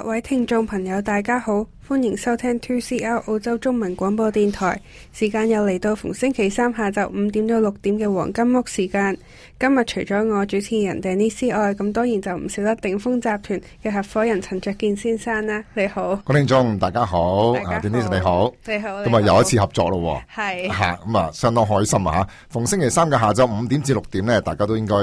各位聽眾朋友，大家好，歡迎收聽 2CL 澳洲中文廣播電台。時間又嚟到逢星期三下晝五點到六點嘅黃金屋時間。今日除咗我主持人 Denise 外，咁當然就唔少得鼎豐集團嘅合夥人陳卓健先生啦。你好，各位聽眾大家好，Denise 你好，你好。咁啊，今日又一次合作咯，係吓，咁啊，相當開心啊吓。逢星期三嘅下晝五點至六點呢，大家都應該。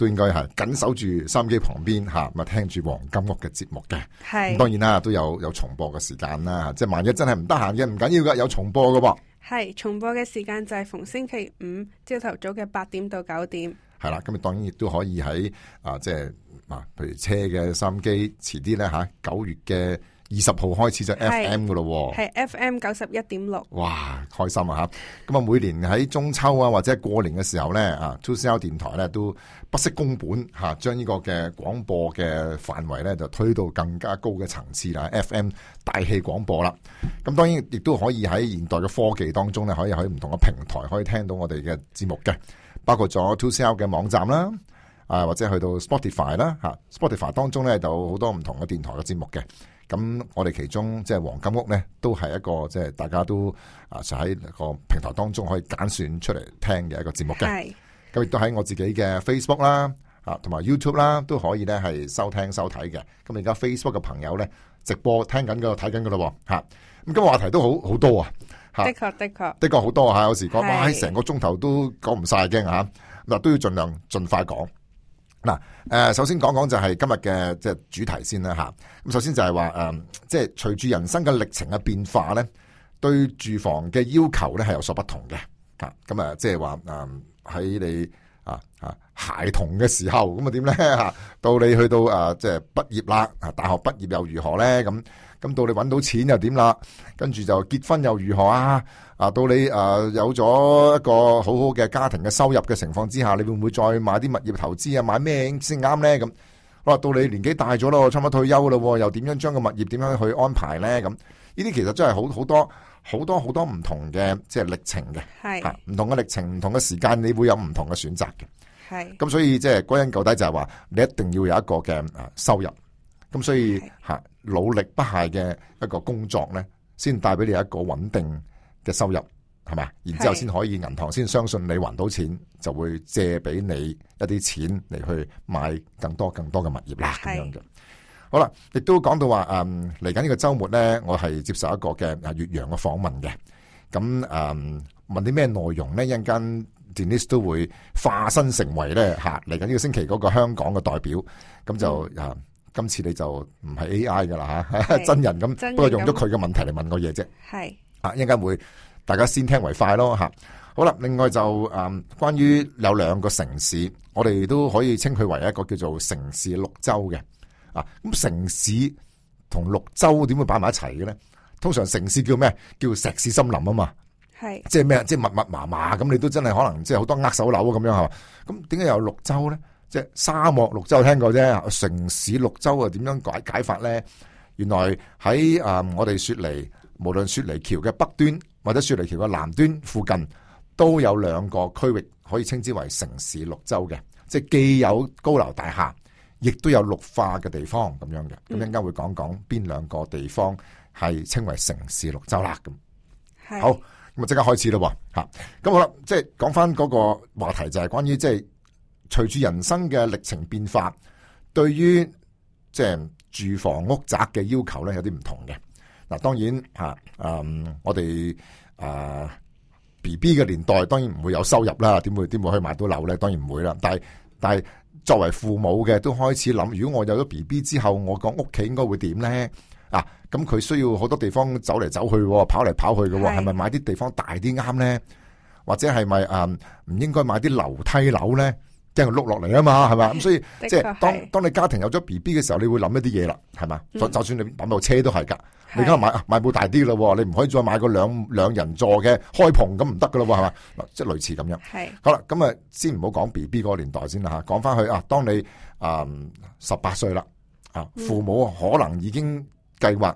都應該係緊守住收音機旁邊吓，咪、啊、聽住黃金屋嘅節目嘅。係，當然啦，都有有重播嘅時間啦。即係萬一真係唔得閒，嘅，唔緊要噶，有重播噶噃。係重播嘅時間就係逢星期五朝頭早嘅八點到九點。係啦，今日當然亦都可以喺啊，即係嗱，譬如車嘅收音機，遲啲咧吓，九、啊、月嘅。二十號開始就 F M 噶咯，係 F M 九十一點六。哇，開心啊吓！咁啊，每年喺中秋啊或者過年嘅時候咧啊，2CR 電台咧都不惜工本吓，將呢個嘅廣播嘅範圍咧就推到更加高嘅層次啦 ，F M 大氣廣播啦。咁當然亦都可以喺現代嘅科技當中咧，可以喺唔同嘅平台可以聽到我哋嘅節目嘅，包括咗 2CR 嘅網站啦，啊或者去到 Spotify 啦吓，Spotify 當中咧就有好多唔同嘅電台嘅節目嘅。咁我哋其中即係、就是、黃金屋呢，都係一個即係、就是、大家都啊，就喺個平台當中可以揀選出嚟聽嘅一個節目嘅。咁亦都喺我自己嘅 Facebook 啦，同埋 YouTube 啦，都可以呢係收聽收睇嘅。咁而家 Facebook 嘅朋友呢，直播聽緊嘅睇緊嘅咯，吓咁今日話題都好好多啊！的確的確的確好多吓，啊，有時講喺成個鐘頭都講唔晒嘅吓，嗱都要盡量盡快講。嗱，誒，首先講講就係今日嘅即係主題先啦吓。咁首先就係話，誒，即係隨住人生嘅歷程嘅變化咧，對住房嘅要求咧係有所不同嘅。啊、就是，咁啊，即係話，喺你啊啊孩童嘅時候，咁啊點咧？吓，到你去到誒，即係畢業啦，啊，大學畢業又如何咧？咁。咁到你揾到錢又點啦？跟住就結婚又如何啊？啊，到你誒有咗一個好好嘅家庭嘅收入嘅情況之下，你會唔會再買啲物業投資啊？買咩先啱呢？咁，到你年紀大咗咯，差唔多退休咯，又點樣將個物業點樣去安排呢？咁，呢啲其實真係好好多好多好多唔同嘅即係歷程嘅，係。唔同嘅歷程，唔同嘅時間，你會有唔同嘅選擇嘅。係。咁所以即係歸根究底就係話，你一定要有一個嘅收入。咁所以嚇努力不懈嘅一個工作咧，先帶俾你一個穩定嘅收入，係嘛？然之後先可以銀行先相信你還到錢，就會借俾你一啲錢嚟去買更多更多嘅物業啦咁樣嘅。好啦，亦都講到話，嗯，嚟緊呢個週末咧，我係接受一個嘅啊越洋嘅訪問嘅。咁啊，問啲咩內容咧？一陣間 Dennis 都會化身成為咧嚇嚟緊呢個星期嗰個香港嘅代表，咁就啊～今次你就唔係 AI 㗎啦嚇，真人咁，不過用咗佢嘅問題嚟問我嘢啫。係啊，應該會,會大家先聽為快咯嚇。好啦，另外就誒、嗯，關於有兩個城市，我哋都可以稱佢為一個叫做城市綠洲嘅啊。咁城市同綠洲點會擺埋一齊嘅咧？通常城市叫咩？叫石屎森林啊嘛。係。即係咩？即係密密麻麻咁，你都真係可能即係好多握手樓咁樣嚇。咁點解有綠洲咧？即沙漠綠洲聽過啫，城市綠洲啊點樣解解法呢？原來喺啊、嗯、我哋雪梨，無論雪梨橋嘅北端或者雪梨橋嘅南端附近，都有兩個區域可以稱之為城市綠洲嘅，即係既有高樓大廈，亦都有綠化嘅地方咁樣嘅。咁、嗯、一陣間會講講邊兩個地方係稱為城市綠洲啦。咁好，咁啊即刻開始啦喎嚇。咁好啦，即係講返嗰個話題就係關於即係。隨住人生嘅歷程變化，對於即係住房屋宅嘅要求咧，有啲唔同嘅。嗱，當然吓、啊嗯，我哋啊 B B 嘅年代，當然唔會有收入啦，點會點會可以買到樓咧？當然唔會啦。但係但係，作為父母嘅，都開始諗：如果我有咗 B B 之後，我個屋企應該會點咧？啊，咁佢需要好多地方走嚟走去、哦，跑嚟跑去嘅、哦，係咪買啲地方大啲啱咧？或者係咪啊，唔、嗯、應該買啲樓梯樓咧？驚佢碌落嚟啊嘛，係嘛？咁，所以即係 當當你家庭有咗 B B 嘅時候，你會諗一啲嘢啦，係嘛？嗯、就算你，、嗯、你諗到車都係噶，你而家買買部大啲咯，你唔可以再買個兩兩人座嘅開篷咁唔得噶咯，係嘛？嗱，即係類似咁樣。係好啦，咁啊先唔好講 B B 嗰個年代先啦吓，講翻去啊，當你啊十八歲啦，啊、嗯、父母可能已經計劃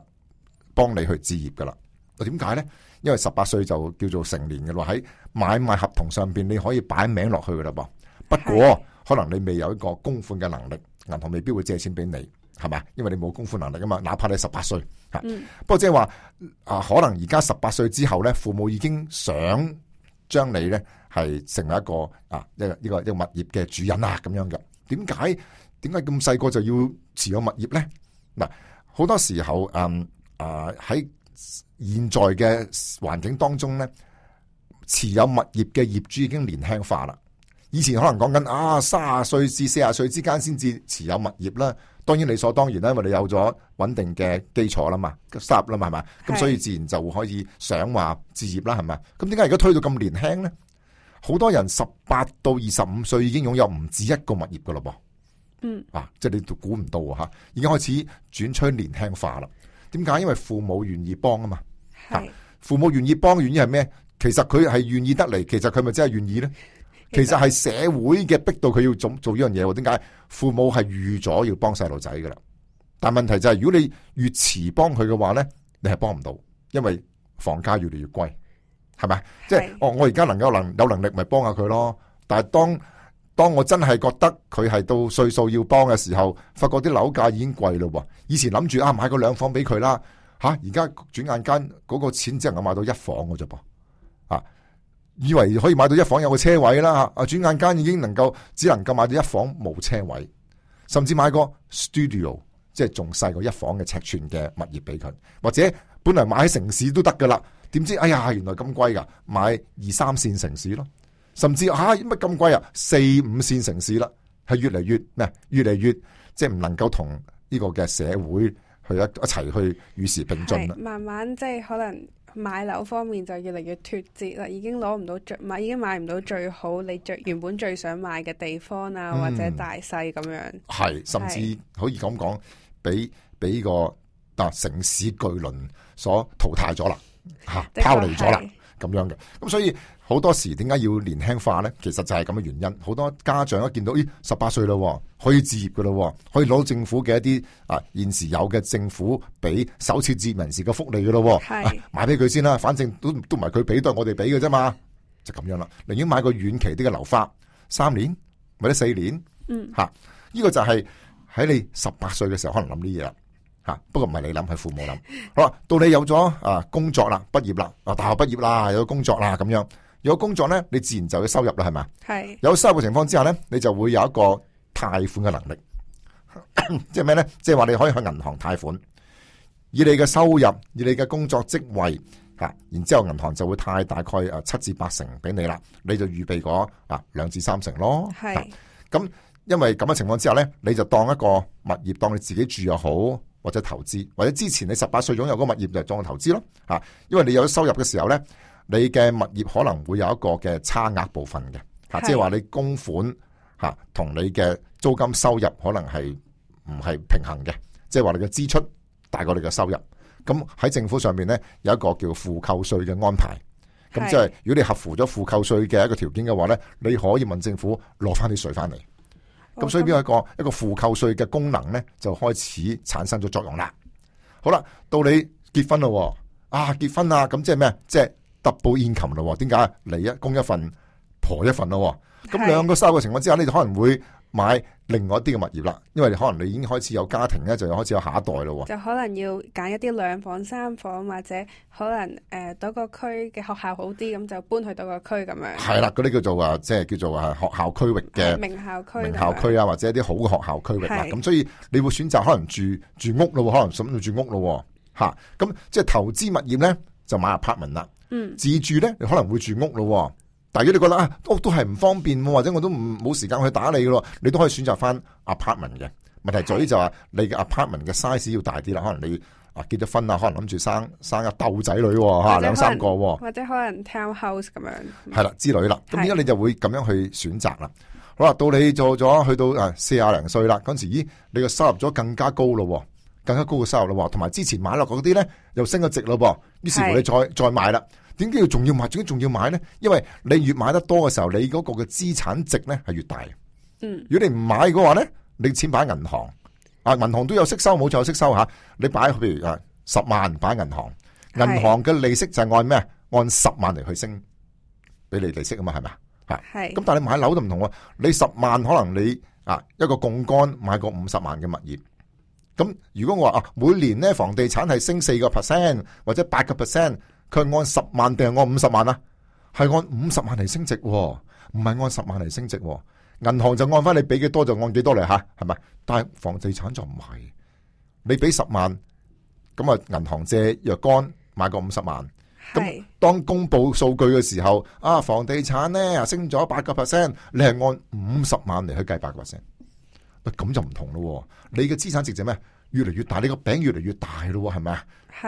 幫你去置業噶啦，啊點解咧？因為十八歲就叫做成年嘅啦。喺買賣合同上邊你可以擺名落去噶啦噃。不過可能你未有一個供款嘅能力，銀行未必會借錢俾你，係嘛？因為你冇供款能力㗎嘛。哪怕你十八歲，不過即係話啊，可能而家十八歲之後呢，父母已經想將你呢係成為一個啊，一個呢個一個物業嘅主人啊，咁樣嘅。點解點解咁細個就要持有物業呢？嗱，好多時候嗯啊喺、呃、現在嘅環境當中呢，持有物業嘅業主已經年輕化啦。以前可能講緊啊，卅歲至四十歲之間先至持有物業啦，當然理所當然啦，因為你有咗穩定嘅基礎啦嘛，get set 啦嘛係嘛，咁所以自然就會可以想話置業啦係嘛，咁點解而家推到咁年輕咧？好多人十八到二十五歲已經擁有唔止一個物業噶咯噃，嗯，啊，即係你都估唔到啊吓，已經開始轉趨年輕化啦。點解？因為父母願意幫啊嘛，係、啊、父母願意幫嘅原因係咩？其實佢係願意得嚟，其實佢咪真係願意咧？其實係社會嘅逼到佢要做做呢樣嘢，點解？父母係預咗要幫細路仔噶啦，但問題就係、是、如果你越遲幫佢嘅話咧，你係幫唔到，因為房價越嚟越貴，係咪？即係，哦，我而家能夠能有能，有能力咪幫下佢咯？但係當當我真係覺得佢係到歲數要幫嘅時候，發覺啲樓價已經貴咯，以前諗住啊買個兩房俾佢啦，吓而家轉眼間嗰，那個錢只能夠買到一房嘅啫噃，啊以為可以買到一房有個車位啦吓，啊轉眼間已經能夠只能夠買到一房冇車位，甚至買個 studio，即係仲細過一房嘅尺寸嘅物業俾佢，或者本嚟買喺城市都得噶啦，點知哎呀原來咁貴噶，買二三線城市咯，甚至吓乜咁貴啊，四五線城市啦，係越嚟越咩，越嚟越、越、來越即係唔能夠同呢個嘅社會一起去一一齊去與時並進啦，慢慢即係、就是、可能。買樓方面就越嚟越脫節啦，已經攞唔到最，已經買唔到最好，你最原本最想買嘅地方啊、嗯，或者大細咁樣，係甚至可以咁講，俾俾個嗱、啊、城市巨輪所淘汰咗啦，嚇、就是、拋離咗啦。咁樣嘅，咁所以好多時點解要年輕化咧？其實就係咁嘅原因。好多家長一見到，咦，十八歲咯，可以置業噶咯，可以攞政府嘅一啲啊現時有嘅政府俾首次置業人士嘅福利噶咯，係、啊、買俾佢先啦。反正都都唔係佢俾，都係我哋俾嘅啫嘛，就咁樣啦。寧願買一個遠期啲嘅樓花，三年或者四年，嗯，吓、啊、呢、這個就係喺你十八歲嘅時候可能諗呢嘢啦。吓，不過唔係你諗，係父母諗。好啦，到你有咗啊工作啦，畢業啦，啊大學畢業啦，有工作啦咁樣，有工作呢，你自然就要收入啦，係嘛？係。有收入嘅情況之下呢，你就會有一個貸款嘅能力，即係咩呢？即係話你可以去銀行貸款，以你嘅收入，以你嘅工作職位吓，然之後銀行就會貸大概啊七至八成俾你啦，你就預備過啊兩至三成咯。係。咁因為咁嘅情況之下呢，你就當一個物業，當你自己住又好。或者投資，或者之前你十八歲擁有嗰個物業就係作為投資咯嚇，因為你有咗收入嘅時候呢，你嘅物業可能會有一個嘅差額部分嘅嚇，即係話你供款嚇同你嘅租金收入可能係唔係平衡嘅，即係話你嘅支出大過你嘅收入。咁喺政府上面呢，有一個叫負扣稅嘅安排，咁即係如果你合符咗負扣稅嘅一個條件嘅話呢，你可以問政府攞翻啲稅翻嚟。咁、okay. 所以邊一個一個負扣稅嘅功能咧，就開始產生咗作用啦。好啦，到你結婚咯，啊結婚啊，咁即係咩？即係 double income 咯？點解啊？你一供一份，婆一份咯。咁兩個收入嘅情況之下，你就可能會。買另外一啲嘅物業啦，因為可能你已經開始有家庭咧，就開始有下一代咯。就可能要揀一啲兩房、三房，或者可能誒，嗰、呃、個區嘅學校好啲，咁就搬去到個區咁樣。係啦，嗰啲叫做啊，即、就、係、是、叫做啊，學校區域嘅名校區、名校區啊，或者一啲好嘅學校區域。咁所以你會選擇可能住住屋咯，可能需要住住屋咯，吓、啊、咁即係投資物業咧，就買 apartment 啦。嗯，自住咧，你可能會住屋咯。但如果你覺得啊屋都係唔方便，或者我都冇時間去打理你嘅，你都可以選擇返 apartment 嘅。問題在於就係你嘅 apartment 嘅 size 要大啲啦，可能你啊結咗婚啊，可能諗住生生一竇仔女嚇兩三個，或者可能 townhouse 咁樣，係啦之類啦。咁而家你就會咁樣去選擇啦。好啦，到你做咗去到啊四廿零歲啦嗰陣時，咦你嘅收入咗更加高咯，更加高嘅收入咯，同埋之前買落嗰啲咧又升咗值咯噃，於是乎你再再買啦。點解要仲要買？點解仲要買咧？因為你越買得多嘅時候，你嗰個嘅資產值咧係越大。嗯，如果你唔買嘅話咧，你錢擺銀行，啊，銀行都有息收，冇錯，有息收吓、啊。你擺譬如啊，十萬擺銀行，銀行嘅利息就係按咩？按十萬嚟去升，俾你利息啊嘛，係咪啊？係。咁但係買樓就唔同啊，你十萬可能你啊一個槓杆買個五十萬嘅物業，咁如果我話啊，每年咧房地產係升四個 percent 或者八個 percent。佢按十萬定係按五十萬啊？係按五十萬嚟升值啊，唔係按十萬嚟升值。銀行就按翻你俾幾多就按幾多嚟吓，係咪？但係房地產就唔係，你俾十萬咁啊，銀行借若干買個五十萬。咁當公布數據嘅時候，啊，房地產咧升咗八個 percent，你係按五十萬嚟去計八個 percent。咁就唔同咯啊。你嘅資產值值咩？越嚟越大，你個餅越嚟越大咯，係咪？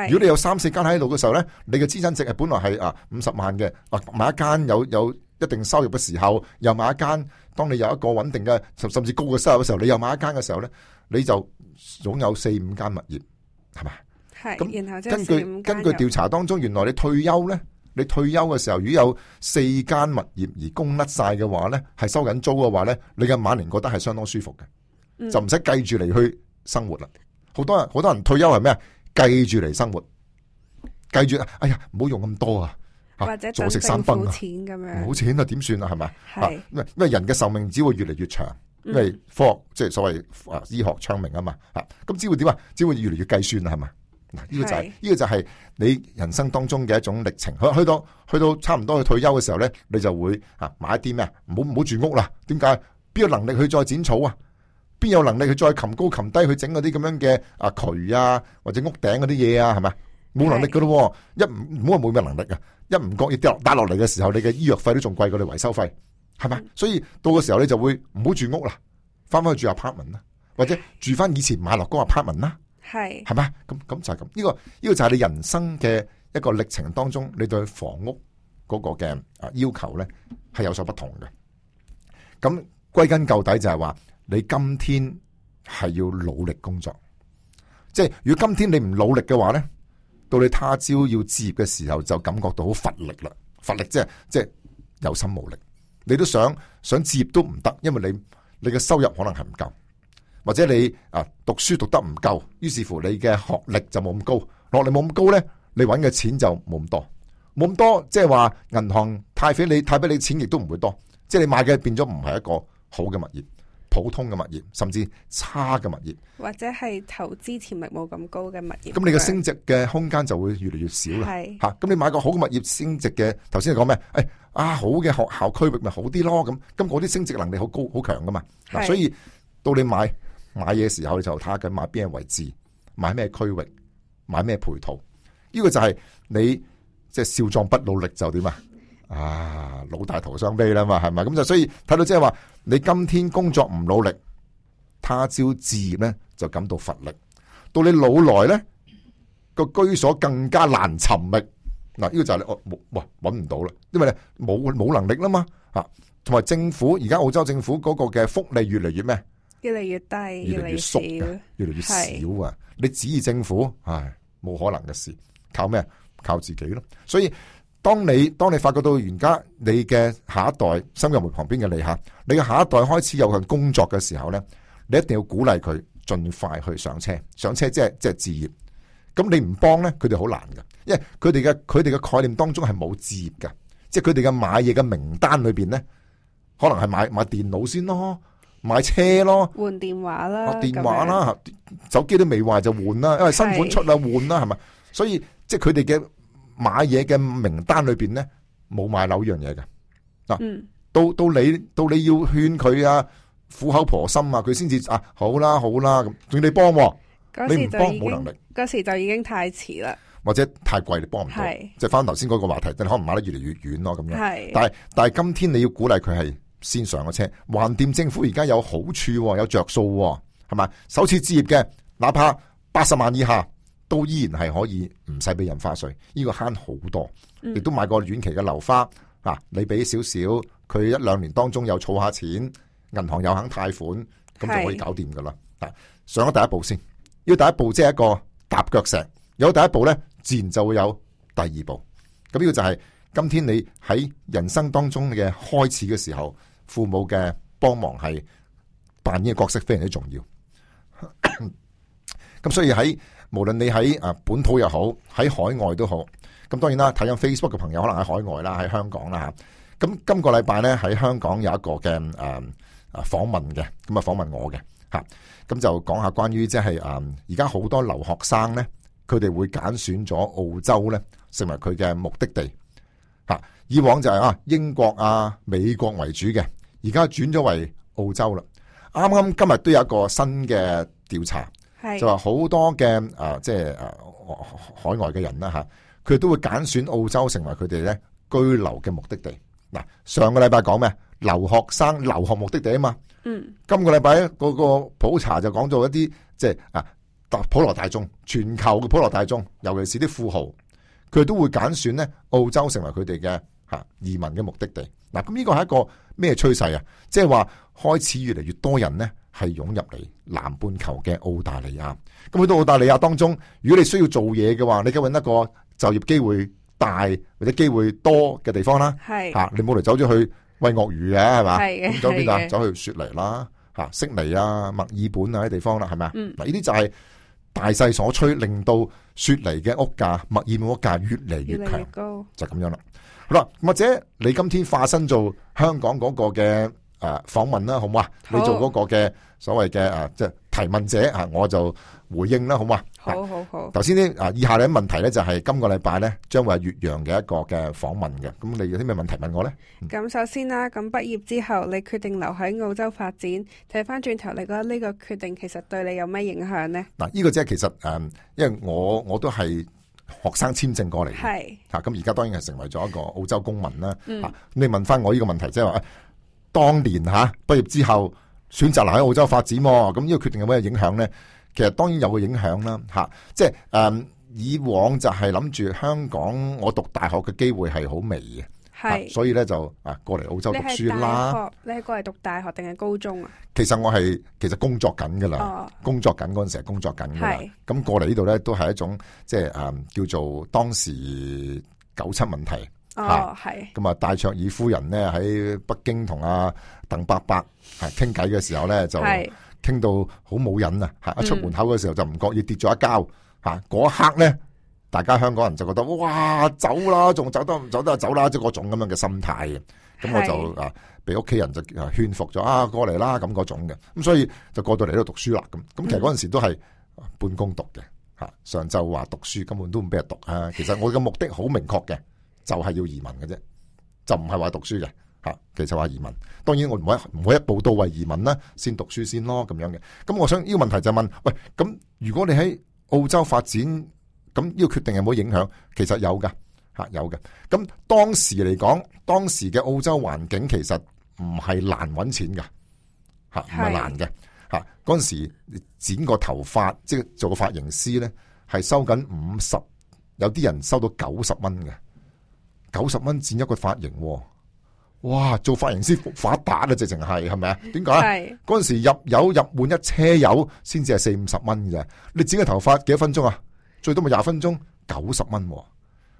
如果你有三四間喺度嘅時候呢，你嘅資產值係本來係啊五十萬嘅，買一間有有一定收入嘅時候，又買一間。當你有一個穩定嘅甚甚至高嘅收入嘅時候，你又買一間嘅時候呢，你就總有四五間物業，係嘛？係。咁根據根據調查當中，原來你退休呢，你退休嘅時候，如果有四間物業而供甩曬嘅話呢，係收緊租嘅話呢，你嘅晚年覺得係相當舒服嘅，就唔使繼住嚟去生活啦。嗯。好多人好多人退休係咩？繼續嚟生活，繼續，啊！哎呀，唔好用咁多啊，或者坐食山崩啊！冇錢啊，點算啊？係咪？係、啊，因為人嘅壽命只會越嚟越長，因為科學、嗯、即係所謂啊醫學昌明啊嘛，吓、啊、咁只會點啊？只會越嚟越計算啊？係咪？嗱，呢、這個就係、是、呢、這個就係你人生當中嘅一種歷程。去去到去到差唔多去退休嘅時候咧，你就會吓買一啲咩啊？唔好唔好住屋啦，點解？邊有能力去再剪草啊？邊有能力再爬爬去再擒高擒低去整嗰啲咁樣嘅啊渠啊或者屋頂嗰啲嘢啊係咪？冇能力噶咯、啊，一唔唔好係冇咩能力噶、啊，一唔覺意跌落打落嚟嘅時候，你嘅醫藥費都仲貴過你維修費，係咪、嗯？所以到個時候你就會唔好住屋啦，翻翻去住阿 partment 啦，或者住翻以前買落高阿 partment 啦，係係咪？咁咁就係咁，呢、這個呢、這個就係你人生嘅一個歷程當中，你對房屋嗰個嘅啊要求咧係有所不同嘅。咁歸根究底就係話。你今天係要努力工作，即係如果今天你唔努力嘅話咧，到你他朝要置業嘅時候，就感覺到好乏力啦，乏力即係即係有心無力，你都想想置業都唔得，因為你你嘅收入可能係唔夠，或者你啊讀書讀得唔夠，於是乎你嘅學歷就冇咁高，落嚟冇咁高咧，你搵嘅錢就冇咁多，冇咁多即係話銀行貸俾你貸俾你嘅錢亦都唔會多，即係你買嘅變咗唔係一個好嘅物業。普通嘅物業，甚至差嘅物業，或者係投資潛力冇咁高嘅物業，咁你嘅升值嘅空間就會越嚟越少啦。係吓，咁你買個好嘅物業升值嘅，頭先講咩？誒、哎、啊，好嘅學校區域咪好啲咯。咁咁嗰啲升值能力好高好強噶嘛。嗱，所以到你買買嘢嘅時候，你就睇下咁買邊個位置，買咩區域，買咩配套。呢、這個就係你即係、就是、少壯不努力就點啊！啊，老大徒傷悲啦嘛，係咪咁就所以睇到即係話，你今天工作唔努力，他朝置業咧就感到乏力。到你老來咧，個居所更加難尋覓。嗱、啊，呢、這個就係你哦，喂、啊，搵唔到啦，因為咧冇冇能力啦嘛，吓、啊，同埋政府而家澳洲政府嗰個嘅福利越嚟越咩，越嚟越低，越嚟越熟，越嚟越少啊！你指意政府唉，冇可能嘅事，靠咩？靠自己咯，所以。當你當你發覺到而家你嘅下一代深入門旁邊嘅你吓，你嘅下一代開始有份工作嘅時候咧，你一定要鼓勵佢盡快去上車，上車即係即係置業。咁你唔幫咧，佢哋好難噶，因為佢哋嘅佢哋嘅概念當中係冇置業噶，即係佢哋嘅買嘢嘅名單裏邊咧，可能係買買電腦先咯，買車咯，換電話啦，啊，電話啦，手機都未壞就換啦，因為新款出啦，換啦係咪？所以即係佢哋嘅。買嘢嘅名單裏邊咧，冇買樓樣嘢嘅，嗱、嗯、到到你到你要勸佢啊，苦口婆心啊，佢先至啊好啦好啦，咁仲要你幫、啊，你唔幫冇能力，嗰時就已經太遲啦，或者太貴，你幫唔到，即係翻頭先嗰個話題，真係可能買得越嚟越遠咯，咁樣。但係但係今天你要鼓勵佢係先上個車，橫掂政府而家有好處，有着數，係咪？首次置業嘅，哪怕八十萬以下。都依然係可以唔使俾印花稅，呢個慳好多，亦都買過遠期嘅樓花、嗯、啊！你俾少少，佢一兩年當中有儲下錢，銀行又肯貸款，咁就可以搞掂噶啦。啊，上咗第一步先，要、這個、第一步即係一個踏腳石，有、這個、第一步呢，自然就會有第二步。咁、這、呢個就係今天你喺人生當中嘅開始嘅時候，父母嘅幫忙係扮演嘅角色非常之重要。咁 所以喺無論你喺啊本土又好，喺海外都好，咁當然啦，睇緊 Facebook 嘅朋友可能喺海外啦，喺香港啦吓。咁、啊、今個禮拜呢，喺香港有一個嘅誒誒訪問嘅，咁啊訪問我嘅吓，咁、啊、就講下關於即係誒而家好多留學生呢，佢哋會揀選咗澳洲呢，成為佢嘅目的地吓、啊。以往就係啊英國啊美國為主嘅，而家轉咗為澳洲啦。啱啱今日都有一個新嘅調查。就話好多嘅誒、啊，即係誒、啊，海外嘅人啦吓，佢、啊、都會揀選澳洲成為佢哋咧居留嘅目的地。嗱、啊，上個禮拜講咩？留學生留學目的地啊嘛。嗯。今個禮拜咧，嗰個，個普查就講咗一啲即係啊普羅大眾，全球嘅普羅大眾，尤其是啲富豪，佢都會揀選咧澳洲成為佢哋嘅吓移民嘅目的地。嗱、啊，咁呢個係一個咩趨勢啊？即係話開始越嚟越多人咧。係湧入嚟南半球嘅澳大利亞，咁去到澳大利亞當中，如果你需要做嘢嘅話，你梗揾一個就業機會大或者機會多嘅地方啦。係吓，你冇嚟走咗去餵鱷魚嘅係嘛？咁走邊度啊？走去，去雪梨啦，吓悉尼啊、墨爾本啊啲地方啦，係咪啊？嗱、嗯，呢啲就係大勢所趨，令到雪梨嘅屋價、墨爾本屋價越嚟越強高，就咁、是、樣啦。好啦，或者你今天化身做香港嗰個嘅。誒，訪問啦，好唔好啊？你做嗰個嘅所謂嘅誒，即係提問者，我就回應啦，好唔好？好好好。頭先呢，誒，以下啲問題咧，就係今個禮拜咧，將會係越洋嘅一個嘅訪問嘅。咁你有啲咩問題問我咧？咁首先啦，咁畢業之後你決定留喺澳洲發展，睇翻轉頭，你覺得呢個決定其實對你有咩影響咧？嗱，呢個即係其實誒，因為我我都係學生簽證過嚟係吓，咁而家當然係成為咗一個澳洲公民啦。吓、嗯、你問翻我呢個問題，即係話。當年吓、啊、畢業之後選擇留喺澳洲發展，咁呢個決定有咩影響咧？其實當然有個影響啦，吓、啊，即係誒、嗯、以往就係諗住香港我讀大學嘅機會係好微嘅，係、啊，所以咧就啊過嚟澳洲讀書啦。你係大學，你係過嚟讀大學定係高中啊？其實我係其實工作緊噶啦，工作緊嗰陣時係工作緊噶啦，咁過嚟呢度咧都係一種即係誒、嗯、叫做當時九七問題。啊，係、哦、咁啊，啊！戴卓爾夫人咧喺北京同阿鄧伯伯係傾偈嘅時候咧，就傾到好冇癮啊！吓，一出門口嘅時候就唔覺意跌咗一跤，吓、嗯、嗰、啊、一刻咧，大家香港人就覺得哇，走啦，仲走得唔走得就走啦，即係嗰種咁樣嘅心態嘅。咁、啊、我就啊，俾屋企人就勸服咗啊，過嚟啦咁嗰種嘅。咁所以就過到嚟呢度讀書啦。咁咁其實嗰陣時都係半工讀嘅。吓、嗯啊、上晝話讀書，根本都唔俾人讀啊！其實我嘅目的好明確嘅。就係、是、要移民嘅啫，就唔係話讀書嘅吓。其實話移民，當然我唔會唔會一步到位移民啦，先讀書先咯，咁樣嘅。咁我想呢、這個問題就係問喂，咁如果你喺澳洲發展，咁呢個決定有冇影響？其實有噶吓，有嘅。咁當時嚟講，當時嘅澳洲環境其實唔係難搵錢噶吓，唔係難嘅吓。嗰陣時剪個頭髮，即、就、係、是、做個髮型師咧，係收緊五十，有啲人收到九十蚊嘅。九十蚊剪一個髮型，哇！做髮型師發達啦，直情係，係咪啊？點解？嗰陣時入油入滿一車油，先至係四五十蚊嘅。你剪個頭髮幾多分鐘啊？最多咪廿分鐘，九十蚊。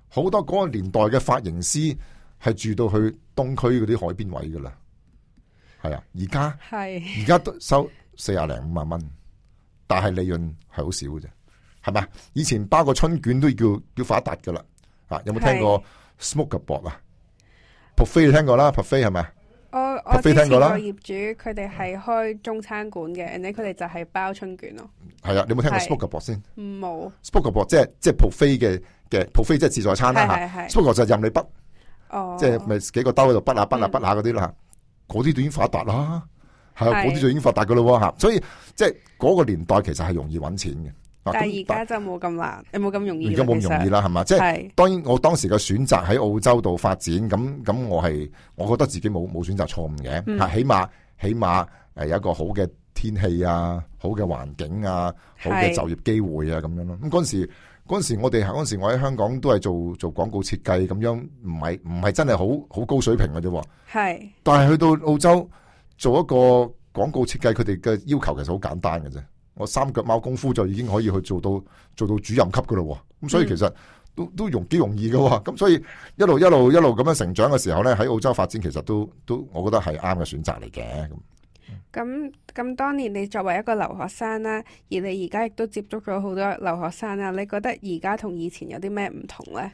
好多嗰個年代嘅髮型師係住到去東區嗰啲海邊位噶啦，係啊。而家而家都收四啊零五啊蚊，但係利潤係好少嘅啫，係咪？以前包個春捲都要叫叫發達噶啦，啊有冇聽過？smoke 嘅薄啊 buffet 你聽過啦 buffet 係咪？我我之前個業主佢哋係開中餐館嘅，你咧佢哋就係包春卷咯。係啊，你有冇聽過 smoke 嘅薄先？冇。smoke 嘅薄即係即係 buffet 嘅、嘅 buffet 即係自助餐啦吓。smoke 就任你剝，哦，即係咪幾個兜喺度剝下剝下剝下嗰啲啦？嗰啲、啊、就已經發達啦，係啊，嗰啲就已經發達噶啦喎吓。所以即係嗰個年代其實係容易搵錢嘅。但係而家就冇咁難，有冇咁容易？而家冇咁容易啦，係嘛？是即係當然，我當時嘅選擇喺澳洲度發展，咁咁我係我覺得自己冇冇選擇錯誤嘅，吓、嗯、起碼起碼誒有一個好嘅天氣啊，好嘅環境啊，好嘅就業機會啊咁樣咯。咁嗰時嗰時我哋，嗰時我喺香港都係做做廣告設計，咁樣唔係唔係真係好好高水平嘅啫。係，但係去到澳洲做一個廣告設計，佢哋嘅要求其實好簡單嘅啫。我三腳貓功夫就已經可以去做到做到主任級噶咯，咁所以其實都都容幾容易噶咁所以一路一路一路咁樣成長嘅時候咧，喺澳洲發展其實都都我覺得係啱嘅選擇嚟嘅。咁咁當年，你作為一個留學生啦，而你而家亦都接觸咗好多留學生啦，你覺得而家同以前有啲咩唔同咧？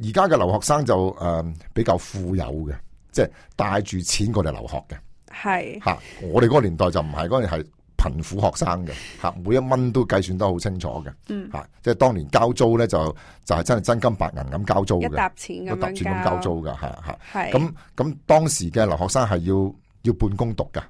而家嘅留學生就誒、呃、比較富有嘅，即係帶住錢過嚟留學嘅。係吓、啊，我哋嗰個年代就唔係嗰陣係。貧苦學生嘅吓，每一蚊都計算得好清楚嘅，吓、嗯啊，即係當年交租咧就就係真係真金白銀咁交租嘅，一沓錢咁咁交，交租噶吓吓。咁、啊、咁、啊啊、當時嘅留學生係要要半工讀㗎。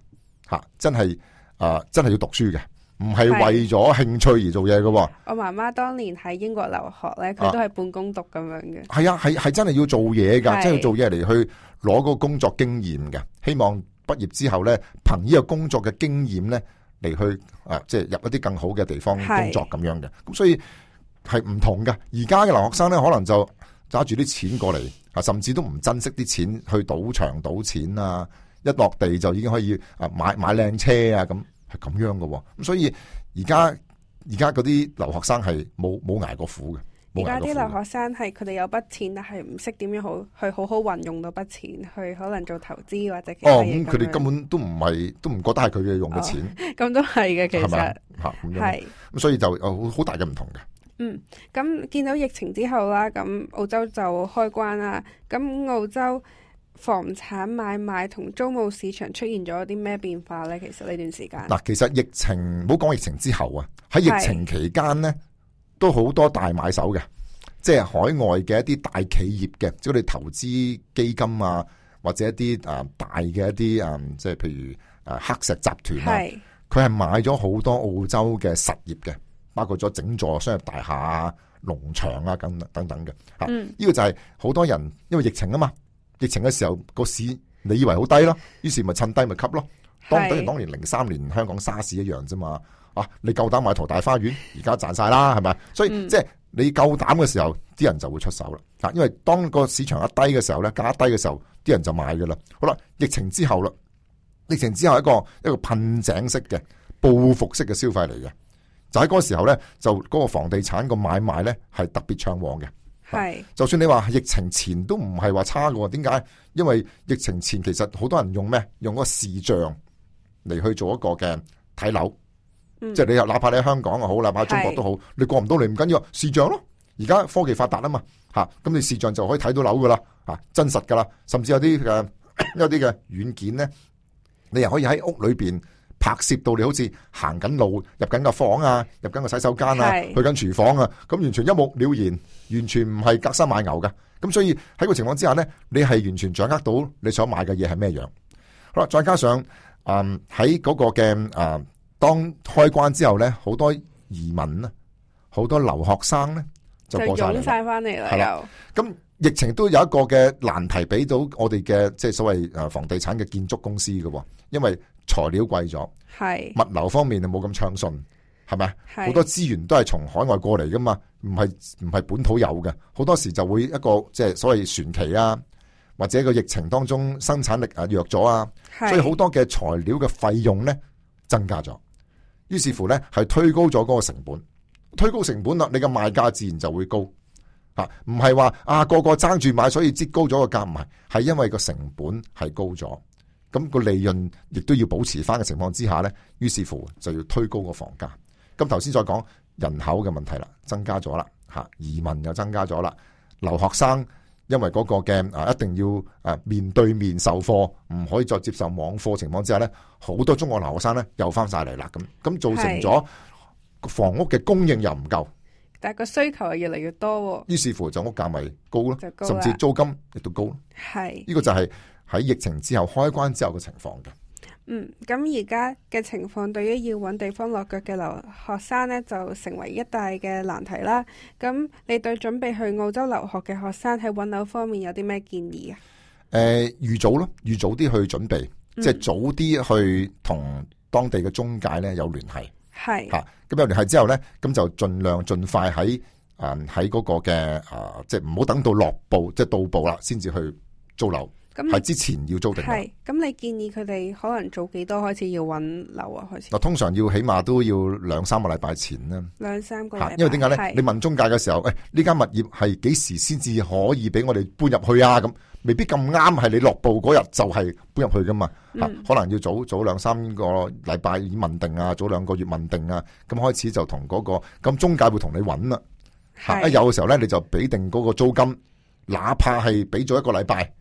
吓、啊，真係啊真係要讀書嘅，唔係為咗興趣而做嘢嘅。我媽媽當年喺英國留學咧，佢都係半工讀咁樣嘅。係啊，係係、啊、真係要做嘢噶，真係、就是、要做嘢嚟去攞個工作經驗嘅，希望畢業之後咧憑呢憑個工作嘅經驗咧。嚟去啊，即係入一啲更好嘅地方工作咁樣嘅，咁所以係唔同㗎。而家嘅留學生咧，可能就揸住啲錢過嚟啊，甚至都唔珍惜啲錢，去賭場賭錢啊，一落地就已經可以啊買買靚車啊，咁係咁樣嘅。咁所以而家而家嗰啲留學生係冇冇挨過苦嘅。而家啲留學生係佢哋有筆錢，但係唔識點樣好去好好運用到筆錢，去可能做投資或者哦，咁佢哋根本都唔係，都唔覺得係佢嘅用嘅錢。咁都係嘅，其實係嘛？係咁，所以就有好大嘅唔同嘅。嗯，咁見到疫情之後啦，咁澳洲就開關啦。咁澳洲房產買賣同租務市場出現咗啲咩變化咧？其實呢段時間嗱，其實疫情唔好講疫情之後啊，喺疫情期間咧。都好多大買手嘅，即係海外嘅一啲大企業嘅，只要你投資基金啊，或者一啲啊大嘅一啲啊，即係譬如啊黑石集團啊，佢係買咗好多澳洲嘅實業嘅，包括咗整座商業大廈、農場啊等等等嘅。吓、嗯、呢、這個就係好多人因為疫情啊嘛，疫情嘅時候個市你以為好低咯，於是咪趁低咪吸咯，當等如當年零三年香港沙士一樣啫嘛。啊、你夠膽買淘大花園，而家賺晒啦，係咪？所以、嗯、即係你夠膽嘅時候，啲人就會出手啦。啊，因為當個市場一低嘅時候咧，價低嘅時候，啲人就買噶啦。好啦，疫情之後啦，疫情之後一個一個噴井式嘅報復式嘅消費嚟嘅，就喺嗰個時候咧，就嗰個房地產個買賣咧係特別暢旺嘅。係、啊、就算你話疫情前都唔係話差噶，點解？因為疫情前其實好多人用咩用個視像嚟去做一個嘅睇樓。即係你又，哪怕你喺香港又好，哪怕中國都好，你過唔到嚟，唔緊要，視像咯。而家科技發達啊嘛，吓咁你視像就可以睇到樓噶啦，吓真實噶啦。甚至有啲嘅有啲嘅軟件咧，你又可以喺屋裏邊拍攝到你好似行緊路入緊個房啊，入緊個洗手間啊，去緊廚房啊，咁完全一目了然，完全唔係隔山買牛噶。咁所以喺個情況之下咧，你係完全掌握到你想買嘅嘢係咩樣。好啦，再加上喺嗰個嘅啊。當開關之後呢，好多移民啊，好多留學生呢，就湧晒翻嚟啦。咁疫情都有一個嘅難題，俾到我哋嘅即係所謂誒房地產嘅建築公司嘅，因為材料貴咗，係物流方面就冇咁暢順，係咪？好多資源都係從海外過嚟噶嘛，唔係唔係本土有嘅，好多時就會一個即係所謂船期啊，或者個疫情當中生產力啊弱咗啊，所以好多嘅材料嘅費用呢，增加咗。於是乎呢係推高咗嗰個成本，推高成本啦，你嘅賣價自然就會高，吓，唔係話啊個個爭住買，所以折高咗個價，唔係，係因為個成本係高咗，咁個利潤亦都要保持翻，嘅情況之下呢，於是乎就要推高個房價。咁頭先再講人口嘅問題啦，增加咗啦，吓，移民又增加咗啦，留學生。因為嗰個嘅啊，一定要啊面對面授課，唔可以再接受網課情況之下咧，好多中國留學生咧又翻晒嚟啦，咁咁造成咗房屋嘅供應又唔夠，但係個需求係越嚟越多，於是乎就屋價咪高咯，甚至租金亦都高咯，係呢個就係喺疫情之後開關之後嘅情況嘅。嗯，咁而家嘅情況對於要揾地方落腳嘅留學生呢，就成為一大嘅難題啦。咁你對準備去澳洲留學嘅學生喺揾樓方面有啲咩建議啊？誒、呃，預早咯，預早啲去準備，嗯、即係早啲去同當地嘅中介呢有聯繫。係嚇，咁、啊、有聯繫之後呢，咁就儘量盡快喺啊喺嗰個嘅啊、呃，即係唔好等到落步，即係到步啦先至去租樓。係之前要租定係，咁你建議佢哋可能早幾多開始要揾樓啊？開始，通常要起碼都要兩三個禮拜前啦。兩三個，因為點解咧？你問中介嘅時候，誒、欸，呢間物業係幾時先至可以俾我哋搬入去啊？咁未必咁啱係你落步嗰日就係搬入去噶嘛？吓、嗯，可能要早早兩三個禮拜已問定啊，早兩個月問定啊，咁開始就同嗰、那個咁中介會同你揾啦。、啊。吓，一、欸，有嘅時候咧，你就俾定嗰個租金，哪怕係俾咗一個禮拜。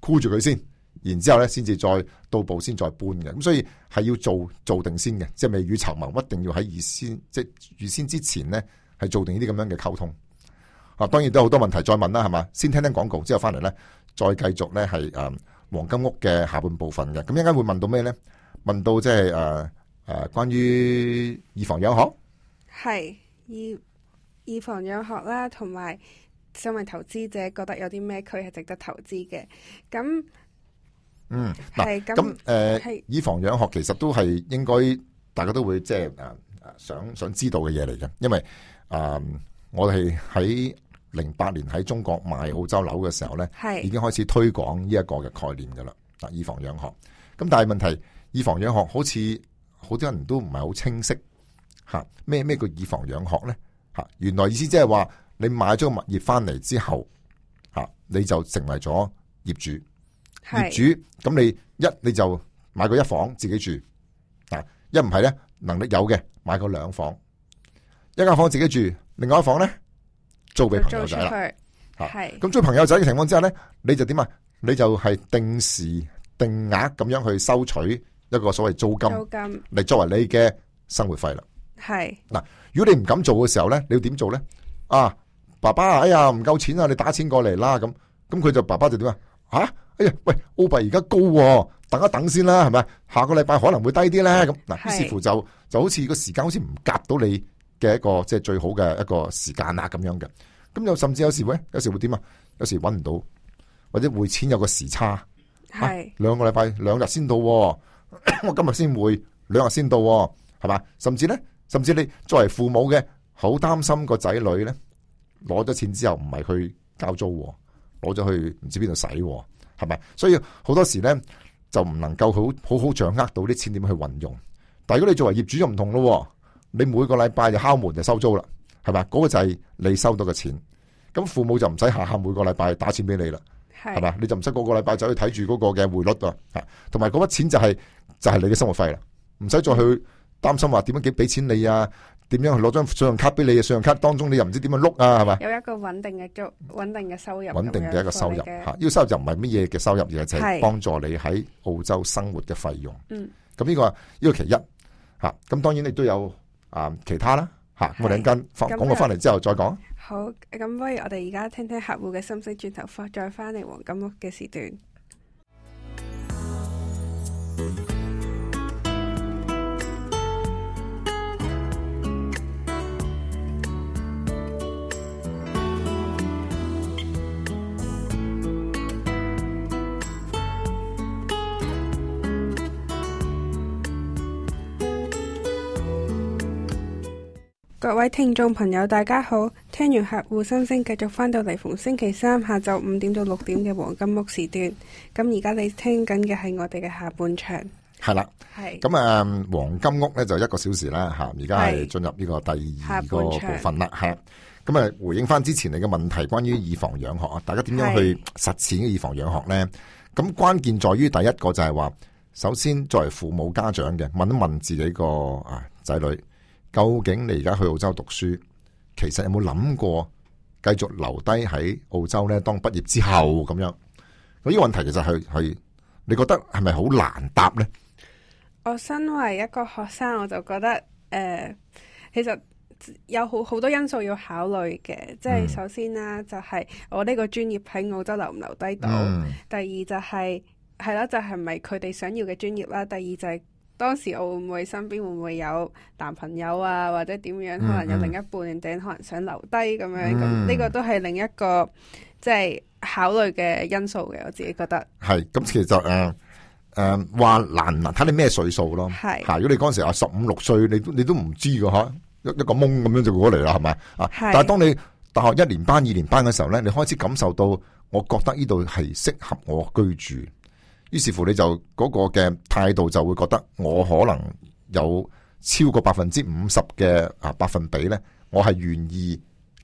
箍住佢先，然之後咧，先至再到步，先再搬嘅。咁所以係要做做定先嘅，即係未雨綢繆，一定要喺預先，即係預先之前咧，係做定呢啲咁樣嘅溝通。啊，當然都有好多問題再問啦，係嘛？先聽聽廣告，之後翻嚟咧，再繼續咧係誒黃金屋嘅下半部分嘅。咁一陣間會問到咩咧？問到即係誒誒，關於以房養學係，以房養學啦，同埋。身為投資者，覺得有啲咩區係值得投資嘅？咁，嗯，嗱，咁誒、呃，以房養學其實都係應該大家都會即係誒，想想知道嘅嘢嚟嘅。因為誒、呃，我哋係喺零八年喺中國買澳洲樓嘅時候咧，係已經開始推廣呢一個嘅概念噶啦。啊，以房養學。咁但係問題，以房養學好似好多人都唔係好清晰吓，咩咩叫以房養學咧？吓，原來意思即係話。你買咗個物業翻嚟之後，吓，你就成為咗業主，業主，咁你一你就買個一房自己住。啊，一唔係咧，能力有嘅買個兩房，一間房自己住，另外一房咧租俾朋友仔啦，係咁租俾朋友仔嘅情況之下咧，你就點啊？你就係定時定額咁樣去收取一個所謂租金，租金嚟作為你嘅生活費啦。係，嗱，如果你唔敢做嘅時候咧，你要點做咧？啊？爸爸哎呀，唔夠錢啊！你打錢過嚟啦，咁咁佢就爸爸就點啊？吓，哎呀，喂，澳幣而家高，啊，等一等先啦，啊，係咪？下個禮拜可能會低啲咧，啊。咁嗱，於是乎，就就好似個時間，好似唔夾到你嘅一個即係最好嘅一個時間啊，咁樣嘅。咁又甚至有時會，有時會點啊？有時搵唔到，或者匯錢有個時差，係兩、啊、個禮拜兩日先到，啊， 我今日先匯兩日先到，啊，係嘛？甚至咧，甚至你作為父母嘅好擔心個仔女咧。攞咗錢之後唔係去交租，攞咗去唔知邊度使，係咪？所以好多時呢，就唔能夠好好好掌握到啲錢點去運用。但如果你作為業主就唔同咯，你每個禮拜就敲門就收租啦，係嘛？嗰個就係你收到嘅錢。咁父母就唔使下下每個禮拜打錢俾你啦，係嘛？你就唔使個個禮拜走去睇住嗰個嘅匯率啊，同埋嗰筆錢就係就係你嘅生活費啦，唔使再去擔心話點樣幾俾錢你啊。點樣去攞張信用卡俾你？信用卡當中你又唔知點樣碌啊，係咪？有一個穩定嘅足穩定嘅收入，穩定嘅一個收入吓。呢個收入唔係乜嘢嘅收入，而係淨幫助你喺澳洲生活嘅費用，這個這個啊。嗯，咁呢個係呢個其一吓。咁當然你都有啊其他啦吓。啊、我哋陣間發講過，翻嚟之後再講。好，咁不如我哋而家聽聽客戶嘅心思，轉頭翻再翻嚟黃金屋嘅時段。各位聽眾朋友，大家好！聽完客戶心聲，繼續翻到嚟逢星期三下晝五點到六點嘅黃金屋時段。咁而家你聽緊嘅係我哋嘅下半場。係啦，係咁啊，黃金屋咧就一個小時啦吓，而家係進入呢個第二個部分啦吓。咁啊，回應翻之前你嘅問題，關於以房養學啊，大家點樣去實踐嘅以房養學咧？咁關鍵在於第一個就係話，首先作為父母家長嘅，問一問自己個啊仔女。究竟你而家去澳洲讀書，其實有冇諗過繼續留低喺澳洲咧？當畢業之後咁樣，呢個問題其實係係你覺得係咪好難答咧？我身為一個學生，我就覺得誒、呃，其實有好好多因素要考慮嘅。即係首先啦，就係我呢個專業喺澳洲留唔留低到，嗯。第二就係係啦，就係唔係佢哋想要嘅專業啦。第二就係、是。當時我會唔會身邊會唔會有男朋友啊，或者點樣？可能有另一半，嗯、或者可能想留低咁樣。咁、嗯、呢、呢個都係另一個即係、即係，考慮嘅因素嘅。我自己覺得係咁，其實誒誒話難難睇你咩歲數咯。係，如果你嗰陣時啊十五六歲，你你都唔知㗎吓，一一個懵咁樣就過嚟啦，係咪啊？但係當你大學一年班、二年班嘅時候咧，你開始感受到，我覺得呢度係適合我居住。於是乎你就嗰個嘅態度就會覺得我可能有超過百分之五十嘅啊百分比呢。我係願意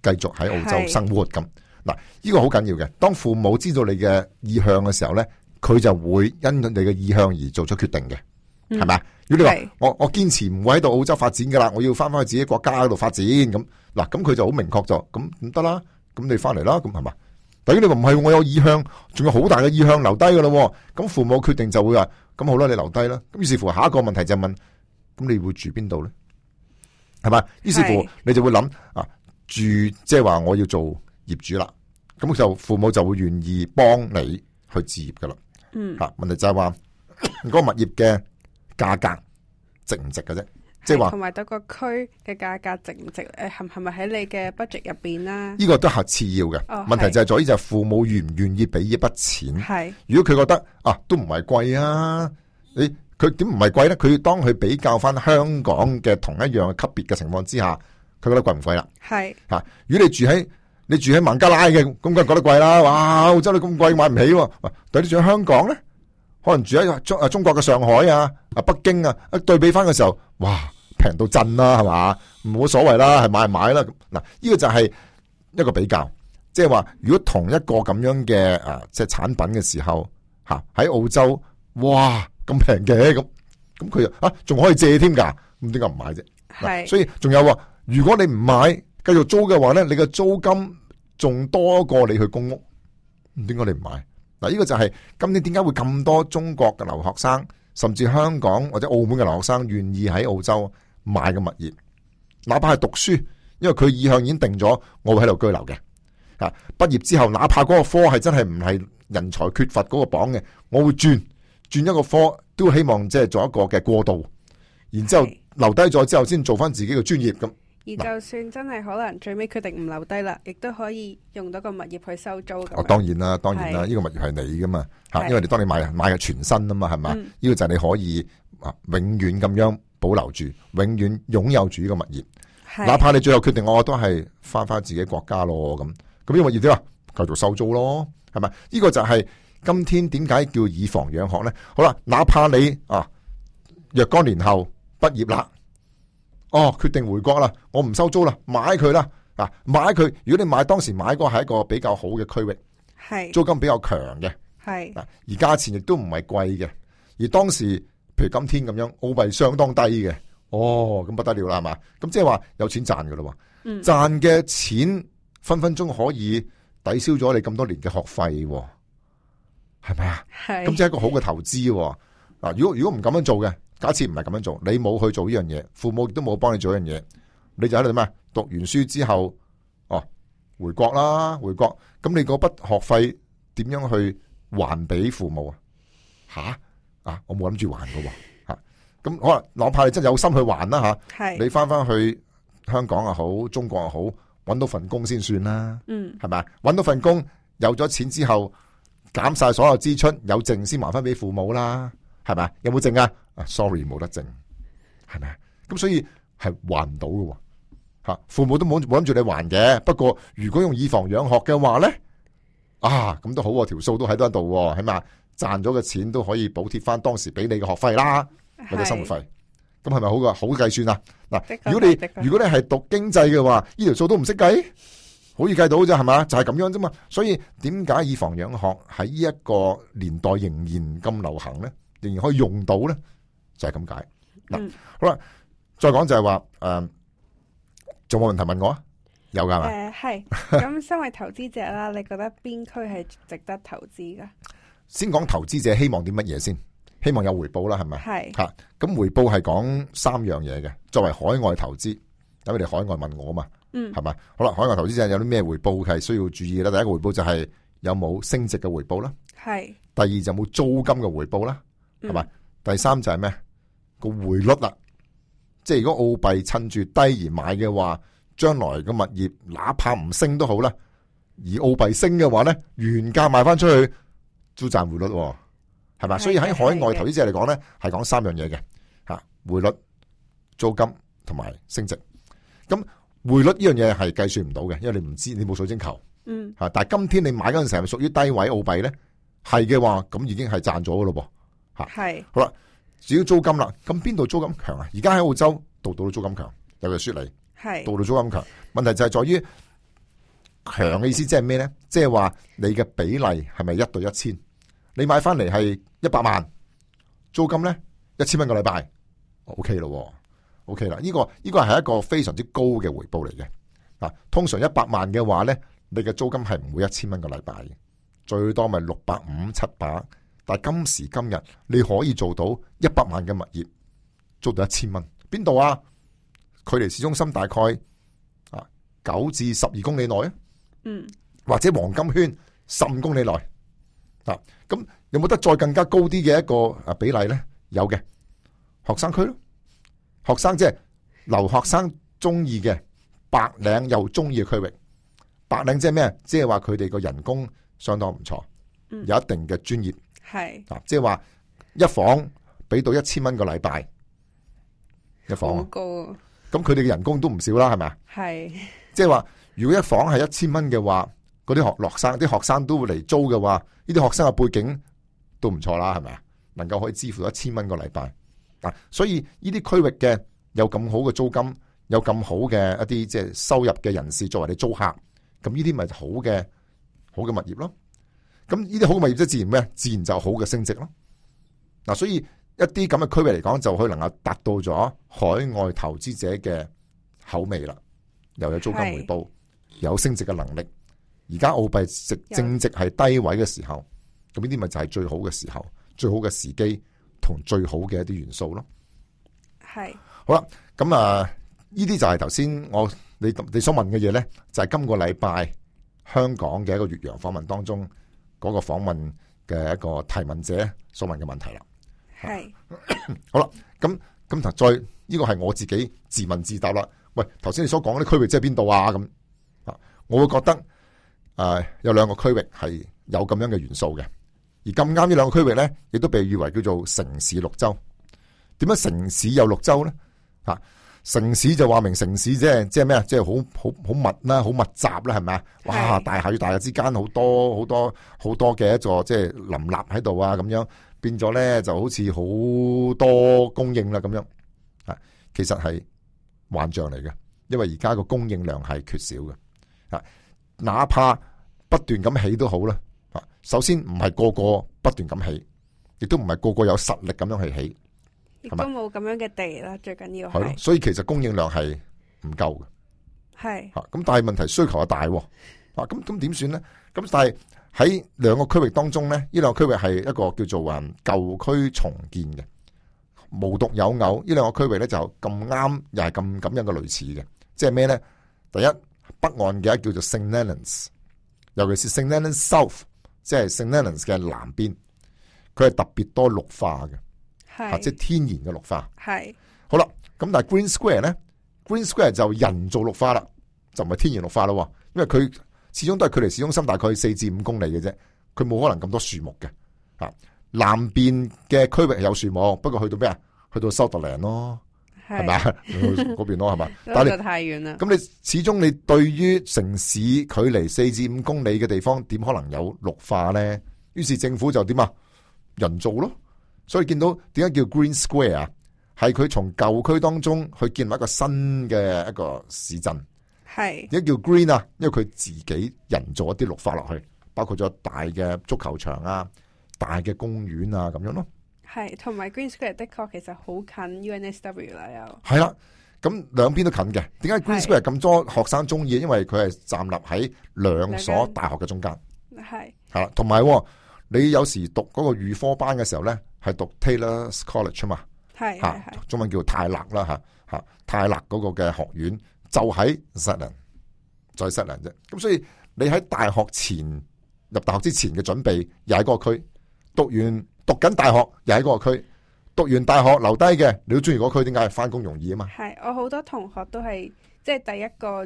繼續喺澳洲生活咁。嗱，呢個好緊要嘅。當父母知道你嘅意向嘅時候呢，佢就會因你嘅意向而做出決定嘅，係、嗯、咪？如果你話我我堅持唔會喺度澳洲發展噶啦，我要翻返去自己國家嗰度發展咁，嗱咁佢就好明確咗，咁唔得啦，咁你翻嚟啦，咁係嘛？等於你話唔係，我有意向，仲有好大嘅意向留低噶咯。咁父母決定就會話，咁好啦，你留低啦。咁於是乎，下一個問題就係問，咁你會住邊度咧？係嘛？於是乎，你就會諗啊，住即係話我要做業主啦。咁就父母就會願意幫你去置業噶啦。嗯，吓問題就係話，嗰、嗰個物業嘅價格值唔值噶啫。即係話，同埋嗰個區嘅價格值唔值？誒，係唔係喺你嘅 budget 入邊啦？呢個都係次要嘅。哦，問題就係在於就係父母願唔願意俾呢筆錢。係。如果佢覺得啊，都唔係貴啊，你佢點唔係貴咧？佢當佢比較翻，香港嘅同一樣嘅級別嘅情況之下，佢覺得貴唔貴啦？係。吓、啊，如果你住喺你住喺孟加拉嘅，咁梗係覺得貴啦、啊！哇，澳洲你咁貴，買唔起喎、啊。但係你住喺香港咧，可能住喺中啊中國嘅上海啊、啊北京啊，一對比翻嘅時候，哇！平到震啦，係嘛？冇所謂啦，係買就買啦。嗱，呢個就係一個比較，即係話如果同一個咁樣嘅啊，即係產品嘅時候，吓，啊，喺澳洲，哇，咁平嘅咁，咁佢啊仲可以借添㗎，咁點解唔買啫？係，所以仲有，如果你唔買，繼續租嘅話咧，你嘅租金仲多過你去公屋，唔點解你唔買？嗱，呢個就係今年點解會咁多中國嘅留學生，甚至香港或者澳門嘅留學生願意喺澳洲？買個物業，哪怕係讀書，因為佢意向已經定咗，我會喺度居留嘅。啊，畢業之後，哪怕嗰個科系真係唔係人才缺乏嗰個榜嘅，我會轉轉一個科，都希望即係做一個嘅過渡。然後之後留低咗之後，先做翻自己嘅專業咁。而就算真係可能最尾決定唔留低啦，亦都可以用到個物業去收租。哦、啊，當然啦，當然啦，呢、呢個物業係你噶嘛吓，因為你當你買買嘅全新啊嘛，係嘛？呢、嗯呢個就係你可以啊，永遠咁樣。保留住，永遠擁有住呢個物業，哪怕你最後決定我、哦、都係翻翻自己國家咯咁，咁呢個物業點啊，繼續收租咯，係咪？呢、這個就係今天點解叫以房養學呢。好啦，哪怕你啊若干年後畢業啦，哦，決定回國啦，我唔收租啦，買佢啦，嗱、啊，買佢。如果你買當時買個係一個比較好嘅區域，係租金比較強嘅，係、啊、而價錢亦都唔係貴嘅，而當時。譬如今天咁樣，澳幣相當低嘅，哦，咁不得了啦，係嘛？咁即係話有錢賺噶咯，賺、嗯、嘅錢分分鐘可以抵消咗你咁多年嘅學費，係咪啊？係，咁即係一個好嘅投資。嗱，如果如果唔咁樣做嘅，假設唔係咁樣做，你冇去做呢樣嘢，父母亦都冇幫你做呢樣嘢，你就喺度咩？讀完書之後，哦、啊，回國啦，回國，咁你嗰筆學費點樣去還俾父母啊？吓？啊！我冇諗住還噶，吓，咁可能哪怕你真係有心去還啦，吓、啊，你翻翻去香港又好，中國又好，搵到份工先算啦，嗯，係咪啊？搵到份工有咗錢之後，減晒所有支出，有剩先還翻俾父母啦，係咪啊？有冇剩啊？啊，sorry，冇得剩，係咪啊？咁所以係還唔到噶，吓、啊，父母都冇冇諗住你還嘅。不過如果用以房養學嘅話咧，啊，咁都好，條數都喺度喎，度，起碼。賺咗嘅錢都可以補貼翻當時俾你嘅學費啦，或者生活費，咁係咪好噶？好計算啊！嗱，如果你如果你係讀經濟嘅話，呢條數都唔識計，好易計到啫，係嘛？就係、是、咁樣啫嘛。所以點解以房養學喺呢一個年代仍然咁流行咧？仍然可以用到咧，就係咁解。嗯。好啦，再講就係話誒，仲、呃、冇問題問我啊？有噶嘛？誒，係、呃。咁身為投資者啦， 你覺得邊區係值得投資噶？先講，投資者希望啲乜嘢先？希望有回報啦，係咪？係吓，咁回報係講三樣嘢嘅。作為海外投資，等佢哋海外問我嘛，嗯，係咪？好啦，海外投資者有啲咩回報係需要注意咧？第一個回報就係有冇升值嘅回報啦，係。第二就冇租金嘅回報啦，係、嗯、咪？第三就係咩？個匯率啦，即係如果澳幣趁住低而買嘅話，將來嘅物業哪怕唔升都好啦。而澳幣升嘅話咧，原價賣翻出去。租賺匯率係嘛，所以喺海外投資者嚟講咧，係講三樣嘢嘅吓匯率、租金同埋升值。咁匯率呢樣嘢係計算唔到嘅，因為你唔知，你冇水晶球。嗯吓，但係今天你買嗰陣時係咪屬於低位澳幣咧？係嘅話，咁已經係賺咗嘅咯噃吓。係好啦，至於租金啦，咁邊度租金強啊？而家喺澳洲度度都租金強，例如雪梨係度度租金強。問題就係在於強嘅意思即係咩咧？即係話你嘅比例係咪一對一千？你買翻嚟係一百萬，租金呢一千蚊個禮拜，OK 咯，OK 啦，呢個呢個係一個非常之高嘅回報嚟嘅。啊，通常一百萬嘅話呢，你嘅租金係唔會一千蚊個禮拜，最多咪六百五七百。但係今時今日，你可以做到一百萬嘅物業租到一千蚊，邊度啊？距離市中心大概啊九至十二公里內，嗯，或者黃金圈十五公里內。啊，咁有冇得再更加高啲嘅一個啊比例咧？有嘅，學生區咯，學生即係留學生中意嘅白領又中意嘅區域。白領即係咩？即係話佢哋個人工相當唔錯，嗯，有一定嘅專業。係，啊，即係話一房俾到一千蚊個禮拜，一房，一房好高啊，咁佢哋嘅人工都唔少啦，係咪？係，即係話如果一房係一千蚊嘅話。嗰啲學落生，啲學生都會嚟租嘅話，呢啲學生嘅背景都唔錯啦，係咪啊？能夠可以支付一千蚊個禮拜啊，所以呢啲區域嘅有咁好嘅租金，有咁好嘅一啲即係收入嘅人士作為你租客，咁呢啲咪好嘅好嘅物業咯？咁呢啲好嘅物業即自然咩？自然就好嘅升值咯。嗱、啊，所以一啲咁嘅區域嚟講，就可以能夠達到咗海外投資者嘅口味啦，又有租金回報，有升值嘅能力。而家澳幣值正值係低位嘅時候，咁呢啲咪就係最好嘅時候，最好嘅時機同最好嘅一啲元素咯。係、yes. 好啦，咁啊，呢啲就係頭先我你你所問嘅嘢咧，就係、是、今個禮拜香港嘅一個越洋訪問當中嗰、那個訪問嘅一個提問者所問嘅問題啦。係、yes. 好啦，咁咁就再呢個係我自己自問自答啦。喂，頭先你所講嗰啲區域即係邊度啊？咁啊，我會覺得。誒、啊，有兩個區域係有咁樣嘅元素嘅，而咁啱呢兩個區域咧，亦都被譽為叫做城市綠洲。點解城市有綠洲咧？吓、啊，城市就話明城市即係即係咩啊？即係好好好密啦，好密集啦，係咪啊？哇！大廈與大廈之間好多好多好多嘅一座即係、就是、林立喺度啊，咁樣變咗咧就好似好多供應啦咁樣啊。其實係幻象嚟嘅，因為而家個供應量係缺少嘅啊。哪怕不斷咁起都好啦，啊，首先唔係個個不斷咁起，亦都唔係個個有實力咁樣去起，亦都冇咁樣嘅地啦，最緊要係。係咯，所以其實供應量係唔夠嘅。係。吓咁，但係問題需求係大，啊，咁咁點算咧？咁但係喺兩個區域當中咧，呢兩個區域係一個叫做誒舊區重建嘅，無獨有偶，呢兩個區域咧就咁啱又係咁咁樣嘅類似嘅，即係咩咧？第一。北岸嘅叫做 St Leonards，尤其是 St Leonards South，即係 St Leonards 嘅南邊，佢係特別多綠化嘅，啊，即係天然嘅綠化。係好啦，咁但係 Green Square 咧，Green Square 就人造綠化啦，就唔係天然綠化咯，因為佢始終都係距離市中心大概四至五公里嘅啫，佢冇可能咁多樹木嘅。啊，南邊嘅區域有樹木，不過去到咩啊？去到 Sutherland 咯。係嘛嗰邊咯，係嘛， 但係太遠啦。咁你始終你對於城市距離四至五公里嘅地方，點可能有綠化咧？於是政府就點啊，人造咯。所以見到點解叫 Green Square 啊？係佢從舊區當中去建立一個新嘅一個市鎮。係點解叫 Green 啊？因為佢自己人造一啲綠化落去，包括咗大嘅足球場啊、大嘅公園啊咁樣咯。係，同埋 Green Square 的確其實好近 UNSW 啦，又係啦，咁兩邊都近嘅。點解 Green Square 咁多學生中意？因為佢係站立喺兩所大學嘅中間。係嚇，同埋、啊哦、你有時讀嗰個預科班嘅時候咧，係讀 Taylor's College 嘛？係嚇、啊，中文叫泰勒啦嚇嚇，泰勒嗰個嘅學院就喺 Sutherland，就喺 Sutherland 啫。咁所以你喺大學前入大學之前嘅準備，又喺嗰個區讀完。讀緊大學又喺嗰個區，讀完大學留低嘅，你都中意嗰區，點解翻工容易啊嘛？係，我好多同學都係即係第一個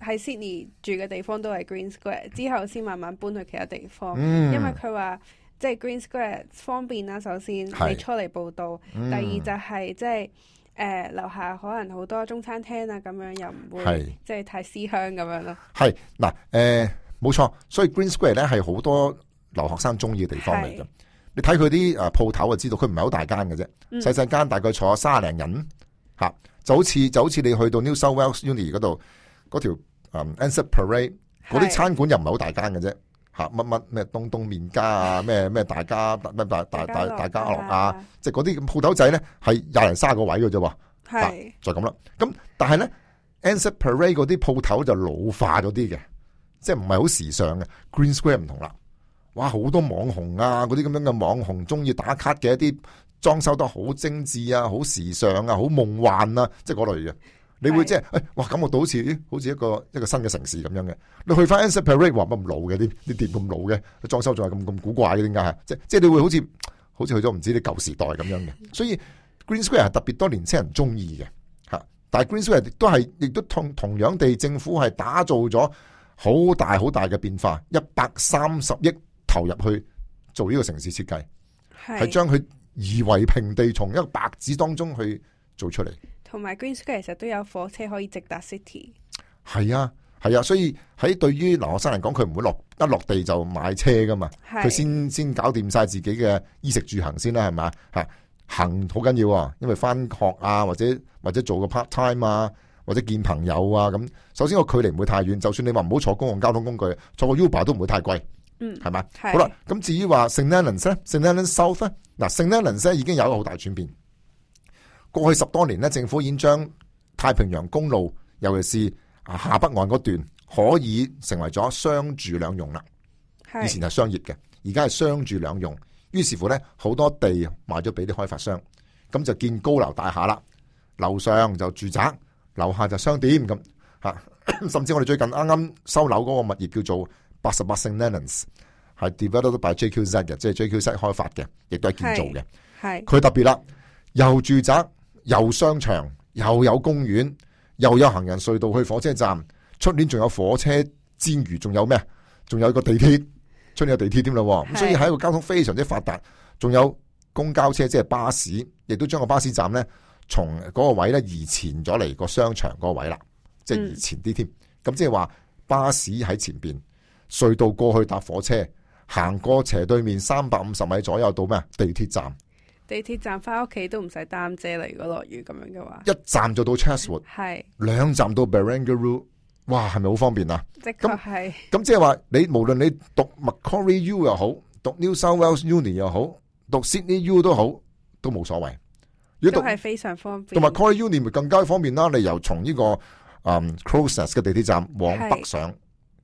喺 Sydney 住嘅地方都係 Green Square，之後先慢慢搬去其他地方。嗯、因為佢話即係 Green Square 方便啦，首先你出嚟報到，第二就係即係誒樓下可能好多中餐廳啊，咁樣又唔會即係、就是、太思鄉咁樣咯。係嗱，誒冇錯，所以 Green Square 咧係好多留學生中意嘅地方嚟嘅。你睇佢啲誒鋪頭就知道佢唔係好大間嘅啫，細細間，大概坐三廿零人吓，就好似就好似你去到 New South Wales Uni 嗰度嗰條誒 Anzac Parade 嗰啲餐館又唔係好大間嘅啫吓，乜乜咩東東麵家， 家，家啊，而已而已啊，咩咩大家大大大大大家樂啊，即係嗰啲咁鋪頭仔咧係廿零卅個位嘅啫，係就咁啦。咁但係咧 Anzac Parade 嗰啲鋪頭就老化咗啲嘅，即係唔係好時尚嘅。Green Square 唔同啦。哇！好多網紅啊，嗰啲咁樣嘅網紅中意打卡嘅一啲裝修得好精緻啊，好時尚啊，好夢幻啊，即係嗰類嘅。你會即係，哎，哇！感覺到好似，咦？好似一個一個新嘅城市咁樣嘅。你去翻 Separate 話乜咁老嘅啲啲店咁老嘅，裝修仲係咁咁古怪嘅點解，即係即係你會好似好似去咗唔知啲舊時代咁樣嘅。所以 Green Square 係特別多年青人中意嘅嚇，但係 Green Square 亦都係亦都同同樣地政府係打造咗好大好大嘅變化，一百三十億。投入去做呢個城市設計，係將佢夷為平地，從一個白紙當中去做出嚟。同埋，Green Square 其實都有火車可以直達 City。係啊，係啊，所以喺對於留學生嚟講，佢唔會落一落地就買車噶嘛。佢先先搞掂晒自己嘅衣食住行先啦，係咪吓，行好緊要，啊，因為翻學啊，或者或者做個 part time 啊，或者見朋友啊咁。首先個距離唔會太遠，就算你話唔好坐公共交通工具，坐個 Uber 都唔會太貴。嗯，係嘛？好啦，咁至於話 St Leonards 咧，St Leonards South 咧，嗱，St Leonards 咧已經有一個好大轉變。過去十多年咧，政府已經將太平洋公路，尤其是下北岸嗰段，可以成為咗商住兩用啦。以前係商業嘅，而家係商住兩用。於是乎咧，好多地賣咗俾啲開發商，咁就建高樓大廈啦。樓上就住宅，樓下就商店咁吓。甚至我哋最近啱啱收樓嗰個物業叫做。88 St Leonards 係 developed by JQZ 嘅，即係 JQZ 開發嘅，亦都係建造嘅。係佢特別啦，又住宅，又商場，又有公園，又有行人隧道去火車站。出年仲有火車尖嶼，仲有咩？仲有一個地鐵，出年有地鐵添啦。咁所以喺個交通非常之發達，仲有公交車，即係巴士，亦都將個巴士站咧，從嗰個位咧移前咗嚟個商場嗰個位啦、嗯，即係移前啲添。咁即係話巴士喺前邊。隧道過去搭火車，行過斜對面三百五十米左右到咩？地鐵站。地鐵站翻屋企都唔使擔遮，如果落雨咁樣嘅話，一站就到 Chatswood，係兩站到 Barangaroo 哇，係咪好方便啊？的確係。咁即係話，你無論你讀 Macquarie U 又好，讀 New South Wales Uni 又好，讀 Sydney U 都好，都冇所謂。都係非常方便。同埋 Macquarie Uni 咪更加方便啦！你由從呢個嗯 Crows Nest 嘅地鐵站往北上。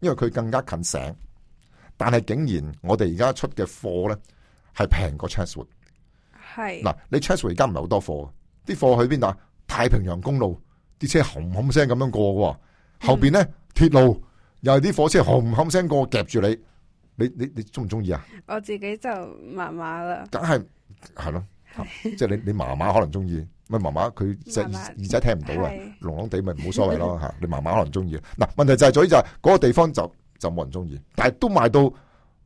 因為佢更加近城，但係竟然我哋而家出嘅貨咧係平過 Chatswood。係嗱，你 Chatswood 而家唔係好多貨，啲貨去邊度？太平洋公路啲車轟轟聲咁樣過，後邊咧鐵路又係啲火車轟轟聲過夾住你，你你你中唔中意啊？我自己就麻麻啦，梗係係咯， 即係你你麻麻可能中意。咪媽，媽，麻，佢隻耳仔聽唔到嘅，聾聾地咪冇所謂咯吓。 你媽媽可能中意。嗱，問題就係所以就係、是、嗰個地方就就冇人中意，但係都賣到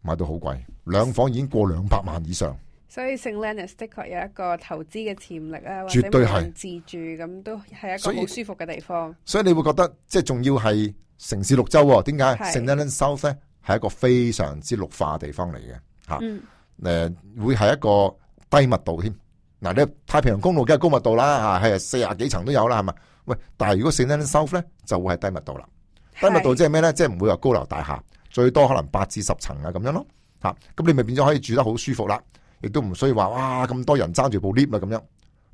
賣到好貴，兩房已經過兩百萬以上。所以聖 Leonards 的確有一個投資嘅潛力啊，絕對係自住咁都係一個好舒服嘅地方。所以你會覺得即係仲要係城市綠洲？點解？聖 Leonards South 咧，係一個非常之綠化嘅地方嚟嘅吓，誒、啊嗯、會係一個低密度添。嗱，你太平洋公路梗係高密度啦，吓係四廿幾層都有啦，係嘛？喂，但係如果 St Leonards South 咧，就會係低密度啦。低密度即係咩咧？即係唔會話高樓大廈，最多可能八至十層啊咁樣咯，吓咁你咪變咗可以住得好舒服啦，亦都唔需要話哇咁多人爭住部 lift 啦咁樣，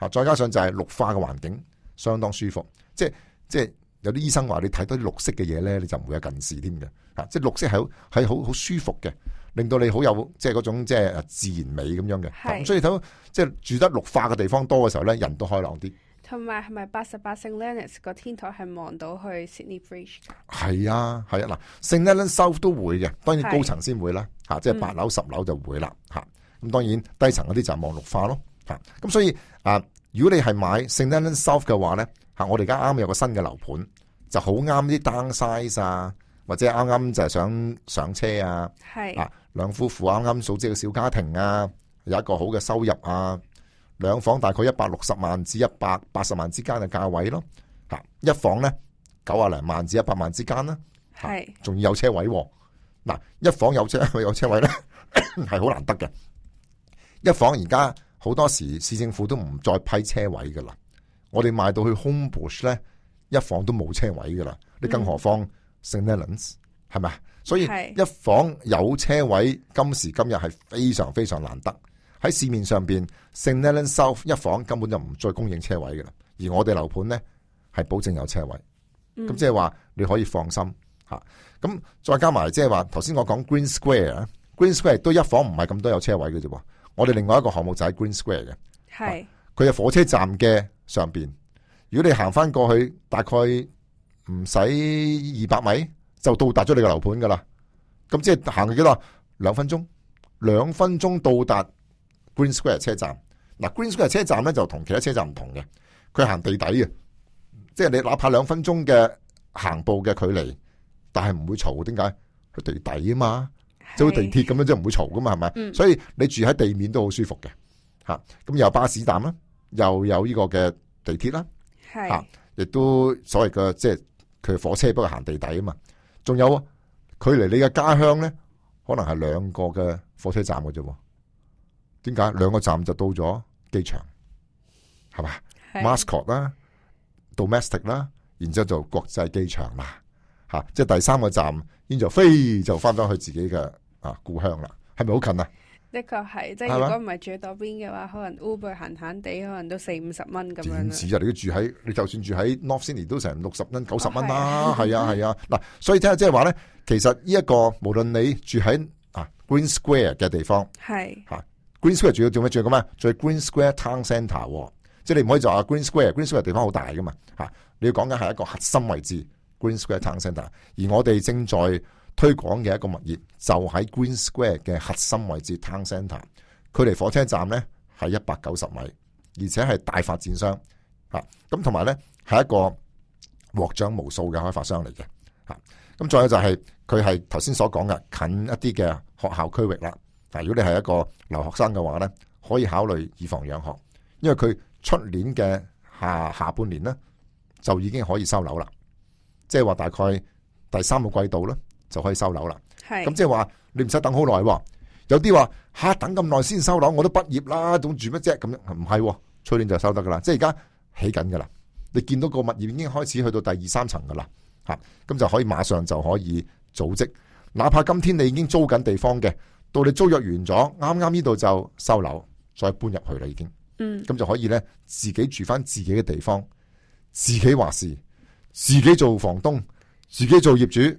吓再加上就係綠化嘅環境相當舒服，即係即係有啲醫生話你睇多啲綠色嘅嘢咧，你就唔會有近視添嘅，吓即係綠色係好係好好舒服嘅。令到你好有即係嗰種即係自然美咁樣嘅，咁所以睇即係住得綠化嘅地方多嘅時候咧，人都開朗啲。同埋係咪八十八聖 Leonards 個天台係望到去 Sydney Bridge？係啊，係啊，嗱，聖 Leonards South 都會嘅，當然高層先會啦，吓、啊，即係八樓十樓就會啦，吓、嗯。咁、啊、當然低層嗰啲就望綠化咯，吓、啊。咁所以啊，如果你係買聖 Leonards South 嘅話咧，吓、啊，我哋而家啱啱有個新嘅樓盤，就好啱啲 down size 啊。或者啱啱就係想上車啊，啊兩夫婦啱啱組織個小家庭啊，有一個好嘅收入啊，兩房大概一百六十萬至一百八十萬之間嘅價位咯，吓，一房咧九啊零萬至一百萬之間啦、啊，係仲要有車位，嗱一房有車 有車位咧係好難得嘅，一房而家好多時市政府都唔再批車位噶啦，我哋賣到去 Home Bush 咧一房都冇車位噶啦，你、嗯、更何況。St Leonards 係咪啊？所以一房有車位是，今時今日係非常非常難得。喺市面上邊，St Leonards South 一房根本就唔再供應車位嘅啦。而我哋樓盤咧係保證有車位，咁、嗯、即係話你可以放心吓。咁再加埋即係話，頭先我講 Green Square，Green Square 都一房唔係咁多有車位嘅啫。我哋另外一個項目就喺 Green Square 嘅，係佢係火車站嘅上邊。如果你行翻過去，大概。唔使二百米就到達咗你個樓盤噶啦，咁即係行幾多？兩分鐘，兩分鐘到達 Green Square 車站。嗱、啊、，Green Square 車站咧就同其他車站唔同嘅，佢行地底嘅，即係你哪怕兩分鐘嘅行步嘅距離，但係唔會嘈，點解？佢地底啊嘛，即係地鐵咁樣，即係唔會嘈噶嘛，係咪、嗯？所以你住喺地面都好舒服嘅，吓、啊、咁有巴士站啦，又有呢個嘅地鐵啦，吓、啊、亦都所謂嘅即係。佢火車不過行地底啊嘛，仲有啊，佢離你嘅家鄉咧，可能係兩個嘅火車站嘅啫，點解？兩個站就到咗機場，係嘛？Mascot 啦，Domestic 啦，然之後就國際機場啦，吓，即係第三個站，然後就飛就翻返去自己嘅啊故鄉啦，係咪好近啊？的確係，即係如果唔係住喺度邊嘅話是，可能 Uber 閒閒哋，可能都四五十蚊咁樣 Sydney, 啦。止啊？你要住喺你就算住喺 North Sydney 都成六十蚊、九十蚊啦。係啊係啊，嗱，所以聽下即係話咧，其實呢一個無論你住喺啊 Green Square 嘅地方，係吓 Green Square 住要做咩住嘅咩？住 Green Square Town Centre，即係你唔可以就話 Green Square。Green Square 地方好大噶嘛，吓你要講緊係一個核心位置、嗯、，Green Square Town Centre。而我哋正在。推廣嘅一個物業就喺 Green Square 嘅核心位置 Town Center 距離火車站呢係一百九十米，而且係大發展商吓，咁同埋呢係一個獲獎無數嘅開發商嚟嘅吓，咁再有就係佢係頭先所講嘅近一啲嘅學校區域啦。如果你係一個留學生嘅話呢，可以考慮以房養學，因為佢出年嘅下下半年呢，就已經可以收樓啦，即係話大概第三個季度啦。就可以收樓啦。係咁，即係話你唔使等好耐。有啲話吓等咁耐先收樓，我都畢業啦，仲住乜啫？咁樣唔係，出年就收得噶啦。即係而家起緊噶啦。你見到個物業已經開始去到第二三層噶啦吓，咁就可以馬上就可以組織。哪怕今天你已經租緊地方嘅，到你租約完咗，啱啱呢度就收樓，再搬入去啦。已經嗯咁就可以咧，自己住翻自己嘅地方，自己話事，自己做房東，自己做業主。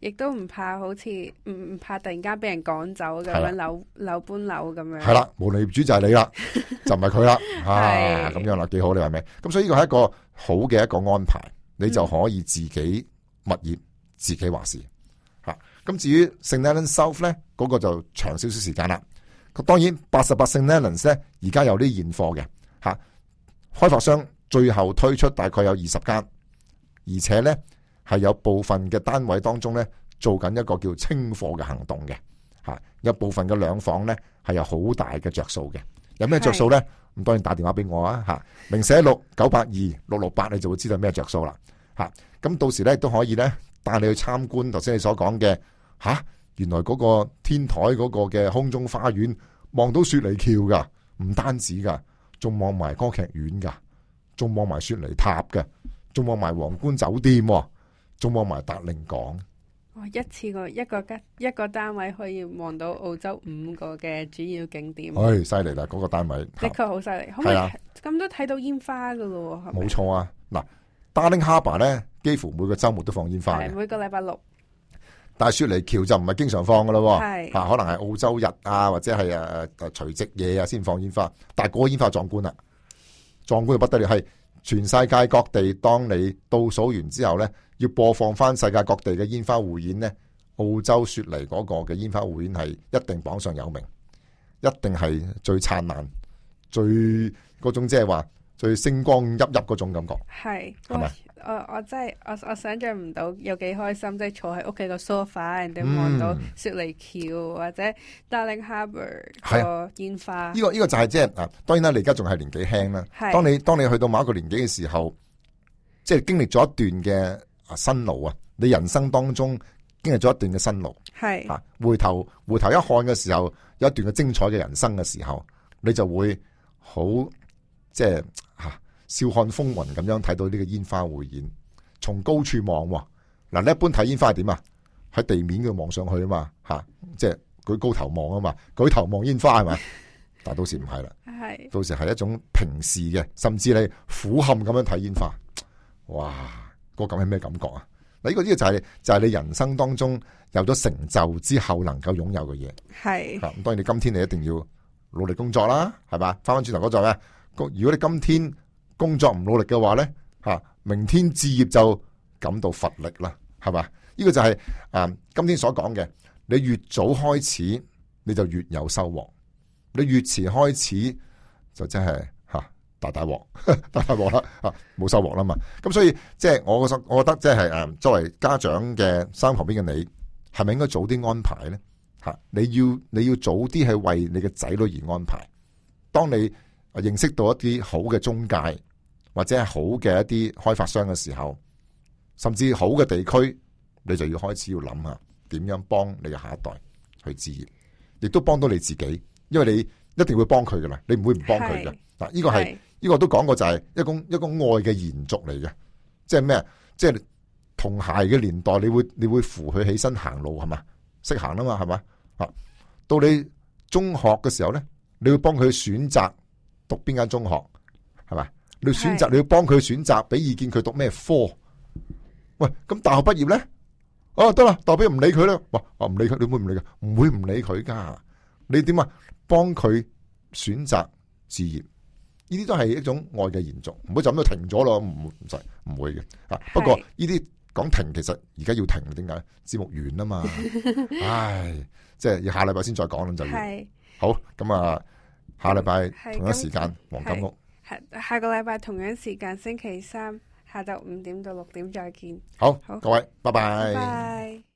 亦都唔怕好，好似唔唔怕突然間俾人趕走咁樣，扭扭搬樓咁樣。係啦，無論業主就係你啦， 就唔係佢啦，吓 咁、啊、樣啦，幾好你話咩？咁所以呢個係一個好嘅一個安排，你就可以自己物業、嗯、自己話事吓。咁至於 St Leonards South 咧，嗰個就長少少時間啦。咁當然八十八 St Leonards 咧，而家有啲現貨嘅吓。開發商最後推出大概有二十間，而且咧。係有部分嘅單位當中呢，做緊一個叫清貨嘅行動嘅，嚇有部分嘅兩房呢，係有很大的好大嘅着數嘅。有咩着數呢？咁當然打電話俾我啊，嚇零四一六九八二六六八，你就會知道咩着數啦，嚇、啊、咁到時呢，都可以呢帶你去參觀。頭先你所講嘅嚇，原來嗰個天台嗰個嘅空中花園，望到雪梨橋噶，唔單止噶，仲望埋歌劇院噶，仲望埋雪梨塔嘅，仲望埋皇冠酒店喎。仲望埋達令港，哦！一次過一個單一,一個單位可以望到澳洲五個嘅主要景點，唉、哎，犀利啦！嗰、那個單位，確的確好犀利，可唔可以咁都睇到煙花噶咯喎，冇錯啊！嗱，達令哈巴咧，幾乎每個週末都放煙花的的，每個禮拜六。但係雪梨橋就唔係經常放噶咯，係、啊、可能係澳洲日啊，或者係誒誒除夕夜啊先放煙花，但係嗰個煙花壯觀啦，壯觀到不得了，係。全世界各地，當你倒數完之後呢，要播放翻世界各地嘅煙花匯演呢，澳洲雪梨嗰個嘅煙花匯演係一定榜上有名，一定係最燦爛、最嗰種即係話最星光熠熠嗰種感覺。係，係我我真係我我想象唔到有幾開心，即、就、係、是、坐喺屋企個 sofa，人哋望到雪梨橋、嗯、或者 Darling Harbour 個煙花。呢、啊這個呢、這個就係即係啊！當然啦，你而家仲係年紀輕啦。當你當你去到某一個年紀嘅時候，即係經歷咗一段嘅啊辛勞啊，你人生當中經歷咗一段嘅辛勞，係啊，回頭回頭一看嘅時候，有一段嘅精彩嘅人生嘅時候，你就會好即係啊！笑看風雲咁樣睇到呢個煙花匯演，從高處望，嗱、啊、你一般睇煙花係點啊？喺地面嘅望上去啊嘛，吓，即係舉高頭望啊嘛，舉頭望煙花係咪？但到時唔係啦，係 到時係一種平視嘅，甚至你俯瞰咁樣睇煙花，哇，嗰噉係咩感覺啊？嗱、啊，呢個呢個就係、是、就係、是、你人生當中有咗成就之後能夠擁有嘅嘢，係咁、啊。當然你今天你一定要努力工作啦，係嘛？翻翻轉頭嗰陣嘅，如果你今天，工作唔努力嘅話咧，吓，明天置業就感到乏力啦，係嘛？呢、這個就係、是、啊、嗯，今天所講嘅，你越早開始，你就越有收穫；你越遲開始，就真係吓大大鑊，大大鑊啦，吓冇大大、啊、收穫啦嘛。咁所以即係我個我我覺得即係、就是、作為家長嘅三旁邊嘅你，係咪應該早啲安排咧？吓、啊，你要你要早啲係為你嘅仔女而安排。當你認識到一啲好嘅中介。或者係好嘅一啲開發商嘅時候，甚至好嘅地區，你就要開始要諗下點樣幫你嘅下一代去置業，亦都幫到你自己，因為你一定會幫佢嘅啦，你唔會唔幫佢嘅。嗱，呢、這個係呢、這個都講過就，就係一個一個愛嘅延續嚟嘅。即係咩？即係同鞋嘅年代你，你會你會扶佢起身行路係嘛？識行啦嘛係嘛？啊，到你中學嘅時候咧，你要幫佢選擇讀邊間中學。你選擇，你要幫佢選擇，俾意見佢讀咩科？喂，咁大學畢業咧？哦、啊，得啦，代表唔理佢啦。喂，我唔理佢，你會唔理佢？唔會唔理佢噶。你點啊？幫佢選擇置業，呢啲都係一種愛嘅延續。唔會就咁就停咗咯，唔唔使唔會嘅。啊，不過呢啲講停，其實而家要停，點解？節目完啊嘛， 唉，即係要下禮拜先再講，咁就要。好，咁啊，下禮拜同一時間黃金屋。下個禮拜同樣時間，星期三下晝五點到六點，再見。好，好各位，拜拜。Bye. Bye.